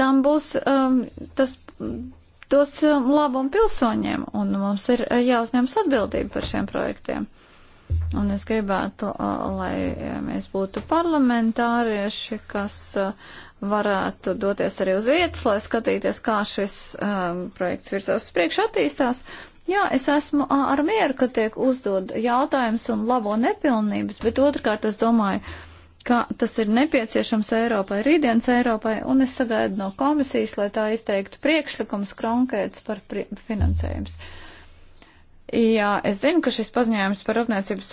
tam būs um, tas dos labumu pilsoņiem un mums ir jāuzņems atbildība par šiem projektiem. Un es gribētu, lai mēs būtu parlamentārieši, kas varētu doties arī uz vietas, lai skatīties, kā šis um, projekts virzās uz priekšu attīstās. Jā, es esmu ar mieru, ka tiek uzdod jautājums un labo nepilnības, bet otrkārt es domāju, ka tas ir nepieciešams Eiropai, rītdienas Eiropai, un es sagaidu no komisijas, lai tā izteiktu priekšlikums konkrēts par pri finansējums. Uh, Jā, es zinu, ka šis paziņojums par rūpniecības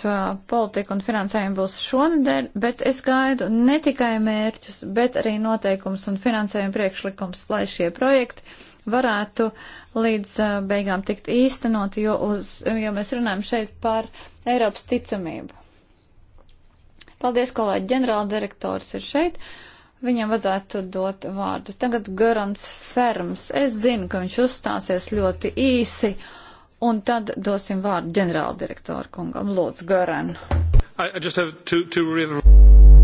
politiku un finansējumu būs šonadēļ, bet es gaidu ne tikai mērķus, bet arī noteikums un finansējumu priekšlikums, lai šie projekti varētu līdz beigām tikt īstenoti, jo, uz, jo mēs runājam šeit par Eiropas ticamību. Paldies, kolēģi, ģenerāldirektors ir šeit. Viņam vajadzētu dot vārdu. Tagad Garants Ferms. Es zinu, ka viņš uzstāsies ļoti īsi. Uh, Un tad dosim vārdu ģenerāldirektoru kungam. Lūdzu, Garan. I, I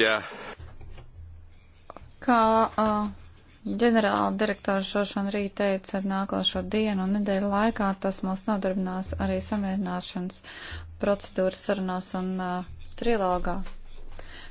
der... Kā uh, ģenerāla direktora šošana rīt teica, nākošo dienu un nedēļu laikā tas mūs nodarbinās arī samierināšanas procedūras sarunās un uh, trilogā.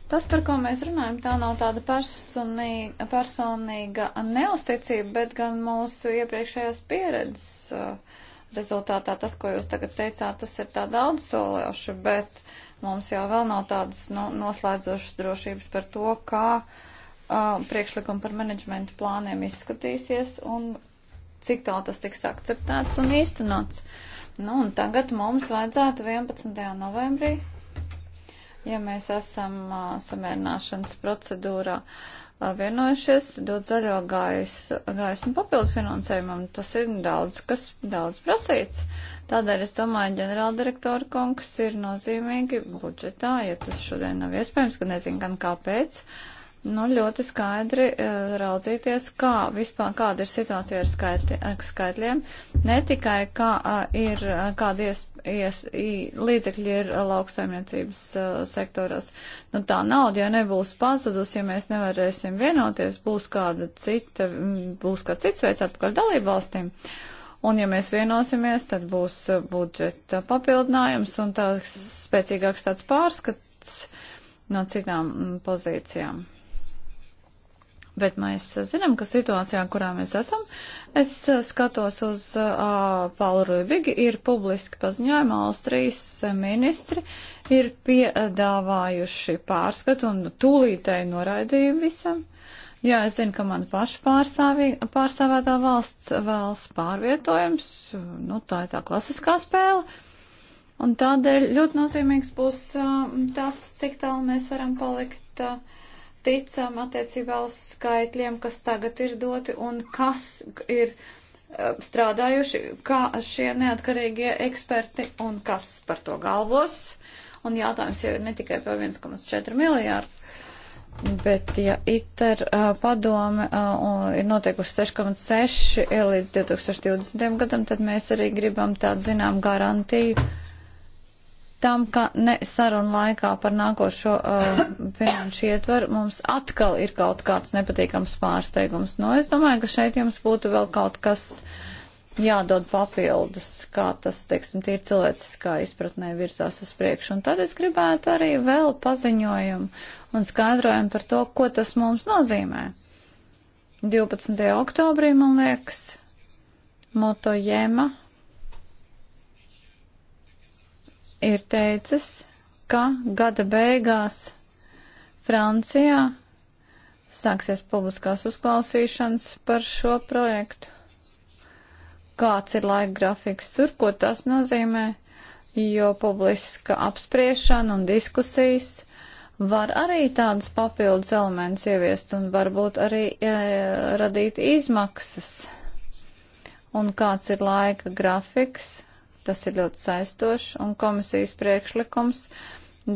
Tas, par ko mēs runājam, tā nav tāda personīga, personīga neusticība, bet gan mūsu iepriekšējās pieredzes. Uh, rezultātā tas, ko jūs tagad teicāt, tas ir tā daudz solējuši, bet mums jau vēl nav tādas nu, noslēdzošas drošības par to, kā uh, priekšlikumi par menedžmentu plāniem izskatīsies un cik tā tas tiks akceptēts un īstenots. Nu, un tagad mums vajadzētu 11. novembrī, ja mēs esam uh, samērināšanas procedūrā, uh, vienojušies dot zaļo gaisu, gaismu papildu finansējumam. Tas ir daudz, kas daudz prasīts. Tādēļ es domāju, ģenerāldirektora kungs ir nozīmīgi budžetā, ja tas šodien nav iespējams, ka nezinu gan kāpēc. Uh, nu, ļoti skaidri uh, raudzīties, kā vispār, kāda ir situācija ar, skaitļi, ar skaitļiem, ne tikai kā uh, ir, kādi ies, ies, i, līdzekļi ir uh, lauksaimniecības uh, sektoros. Nu, tā nauda jau nebūs pazudus, ja mēs nevarēsim vienoties, būs kāda cita, būs kāds cits veids atpakaļ dalību valstīm. Un ja mēs vienosimies, tad būs e, budžeta papildinājums un tāds spēcīgāks tāds pārskats no citām pozīcijām. Bet mēs eh, zinām, ka situācijā, kurā mēs esam, es eh, skatos uz uh, Paulu Rubigi, ir publiski paziņojumi, Austrijas ministri ir piedāvājuši pārskatu un tūlītēji noraidījumu visam. Jā, es zinu, ka man paša pārstāvētā valsts vēlas pārvietojums, nu tā ir tā klasiskā spēle. Un tādēļ ļoti nozīmīgs būs uh, tas, cik tālu mēs varam palikt. Uh, ticam attiecībā uz skaitļiem, kas tagad ir doti un kas ir e, strādājuši, kā šie neatkarīgie eksperti un kas par to galvos. Un jautājums jau ir ne tikai par 1,4 miljārdu, Bet, ja ITER uh, padome uh, ir noteikuši 6,6 līdz 2020. gadam, tad mēs arī gribam tādu zinām garantiju, tam, ka ne sarunu laikā par nākošo uh, finanšu ietvaru mums atkal ir kaut kāds nepatīkams pārsteigums. Nu, es domāju, ka šeit jums būtu vēl kaut kas jādod papildus, kā tas, teiksim, tīri cilvēciskā izpratnē virzās uz priekšu. Un tad es gribētu arī vēl paziņojumu un skaidrojumu par to, ko tas mums nozīmē. 12. oktobrī, man liekas, Motojēma ir teicis, ka gada beigās Francijā sāksies publiskās uzklausīšanas par šo projektu. Kāds ir laika grafiks tur, ko tas nozīmē, jo publiska apspriešana un diskusijas var arī tādus papildus elementus ieviest un varbūt arī e, radīt izmaksas. Un kāds ir laika grafiks Tas ir ļoti saistošs un komisijas priekšlikums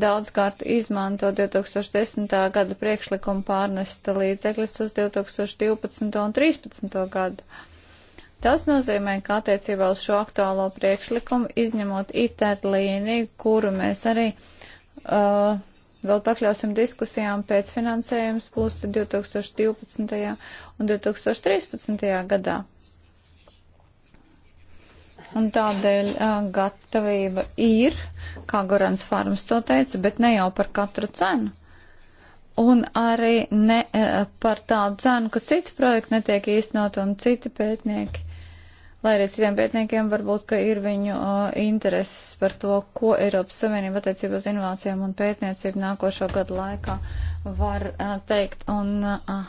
daudzkārt izmanto 2010. gada priekšlikumu pārnesta līdzekļus uz 2012. un 2013. gadu. Tas nozīmē, ka attiecībā uz šo aktuālo priekšlikumu, izņemot ITER līniju, kuru mēs arī uh, vēl pakļausim diskusijām pēc finansējums, būs 2012. un 2013. gadā. Un tādēļ uh, gatavība ir, kā Gorans Farms to teica, bet ne jau par katru cenu. Un arī ne uh, par tādu cenu, ka citi projekti netiek īstenot un citi pētnieki. Lai arī citiem pētniekiem varbūt, ka ir viņu uh, intereses par to, ko Eiropas Savienība attiecībā uz inovācijām un pētniecību nākošo gadu laikā var uh, teikt un uh,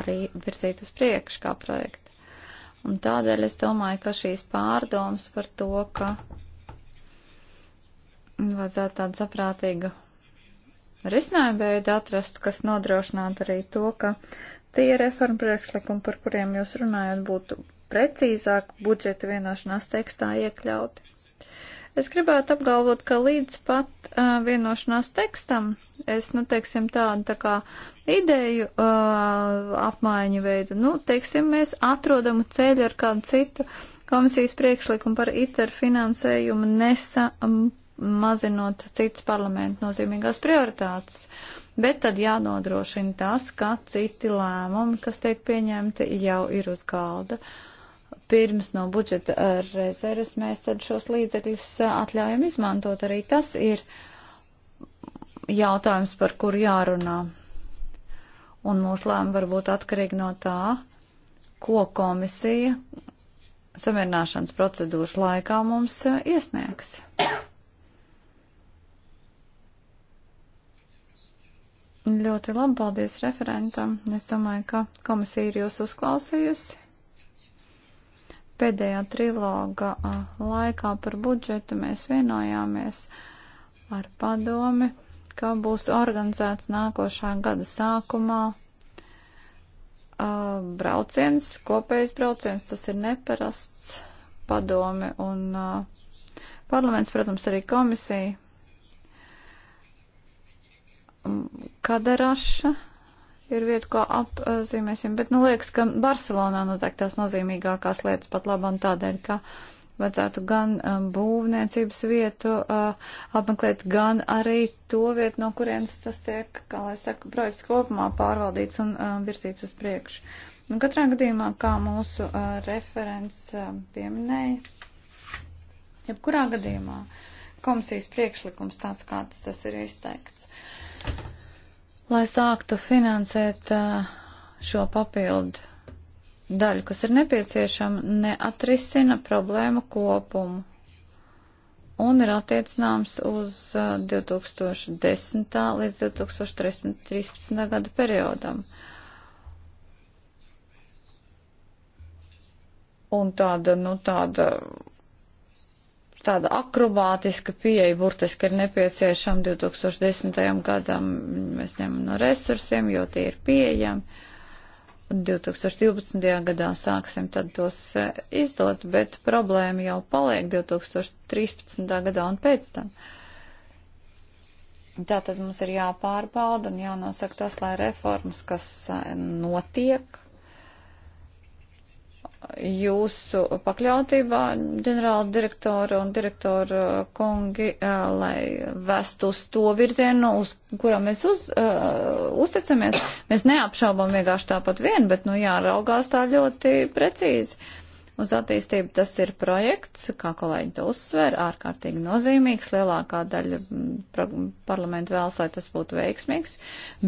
arī virzīt uz priekšu kā projektu. Un tādēļ es domāju, ka šīs pārdomas par to, ka vajadzētu tādu saprātīgu risinājumu veidu atrast, kas nodrošinātu arī to, ka tie reformu priekšlikumi, par kuriem jūs runājat, būtu precīzāk budžeta vienošanās tekstā iekļauti. Es gribētu apgalvot, ka līdz pat uh, vienošanās tekstam es, nu, teiksim, tādu tā kā ideju uh, apmaiņu veidu, nu, teiksim, mēs atrodam ceļu ar kādu citu komisijas priekšlikumu par ITER finansējumu nesamazinot citas parlamentu nozīmīgās prioritātes. Bet tad jānodrošina tas, ka citi lēmumi, kas tiek pieņemti, jau ir uz galda. Uh, pirms no budžeta rezerves mēs tad šos līdzekļus uh, atļaujam izmantot. Arī tas ir jautājums, par kuru jārunā. Un mūsu lēma var būt atkarīga no tā, ko komisija samierināšanas procedūras laikā mums uh, iesniegs. Ļoti labi, paldies referentam. Es domāju, ka komisija ir jūs uzklausījusi. Pēdējā triloga laikā par budžetu mēs vienojāmies ar padomi, ka būs organizēts nākošā gada sākumā brauciens, kopējs brauciens, tas ir neparasts padomi un parlaments, protams, arī komisija. Kadaraša ir vieta, ko apzīmēsim, bet, nu, liekas, ka Barcelonā noteikti tās nozīmīgākās lietas pat labam tādēļ, ka vajadzētu gan um, būvniecības vietu uh, apmeklēt, gan arī to vietu, no kurienes tas tiek, kā lai saka, projekts kopumā pārvaldīts un uh, virzīts uz priekšu. Nu, katrā gadījumā, kā mūsu uh, referents uh, pieminēja, jebkurā gadījumā komisijas priekšlikums tāds, kāds tas ir izteikts lai sāktu finansēt šo papildu daļu, kas ir nepieciešama, neatrisina problēmu kopumu un ir attiecināms uz 2010. līdz 2013. gada periodam. Un tāda, nu tāda tāda akrobātiska pieeja burtiski ir nepieciešama 2010. gadam. Mēs ņemam no resursiem, jo tie ir pieejami. 2012. gadā sāksim tad tos e, izdot, bet problēma jau paliek 2013. gadā un pēc tam. Tātad mums ir jāpārbauda un jānosaka tas, lai reformas, kas e, notiek, jūsu pakļautībā, ģenerāla direktora un direktora kungi, lai vestu uz to virzienu, uz kura mēs uz, uh, uzticamies. Mēs neapšaubam vienkārši tāpat vien, bet, nu, jāraugās tā ļoti precīzi. Uz attīstību tas ir projekts, kā kolēģi to uzsver, ārkārtīgi nozīmīgs. Lielākā daļa parlamentu vēlas, lai tas būtu veiksmīgs,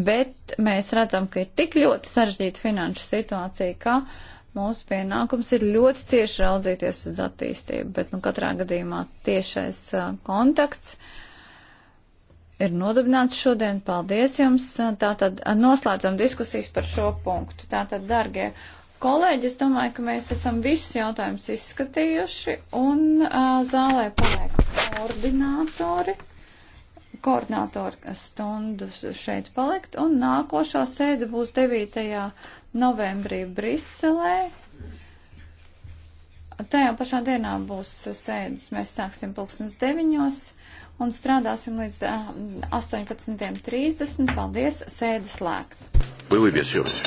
bet mēs redzam, ka ir tik ļoti sarežģīta finanšu situācija, ka uh, Mūsu pienākums ir ļoti cieši raudzīties uz attīstību, bet nu, katrā gadījumā tiešais uh, kontakts ir nodibināts šodien. Paldies jums! Tātad noslēdzam diskusijas par šo punktu. Tātad, dargie Kolēģi, es domāju, ka mēs esam visus jautājumus izskatījuši, un uh, zālē paliek koordinātori, koordinātori stundu šeit palikt, un nākošā sēde būs 9 novembrī Briselē. Tajā pašā dienā būs sēdes. Mēs sāksim pulksnes deviņos un strādāsim līdz 18.30. Eh, Paldies, sēdes slēgt. Lielīties jums!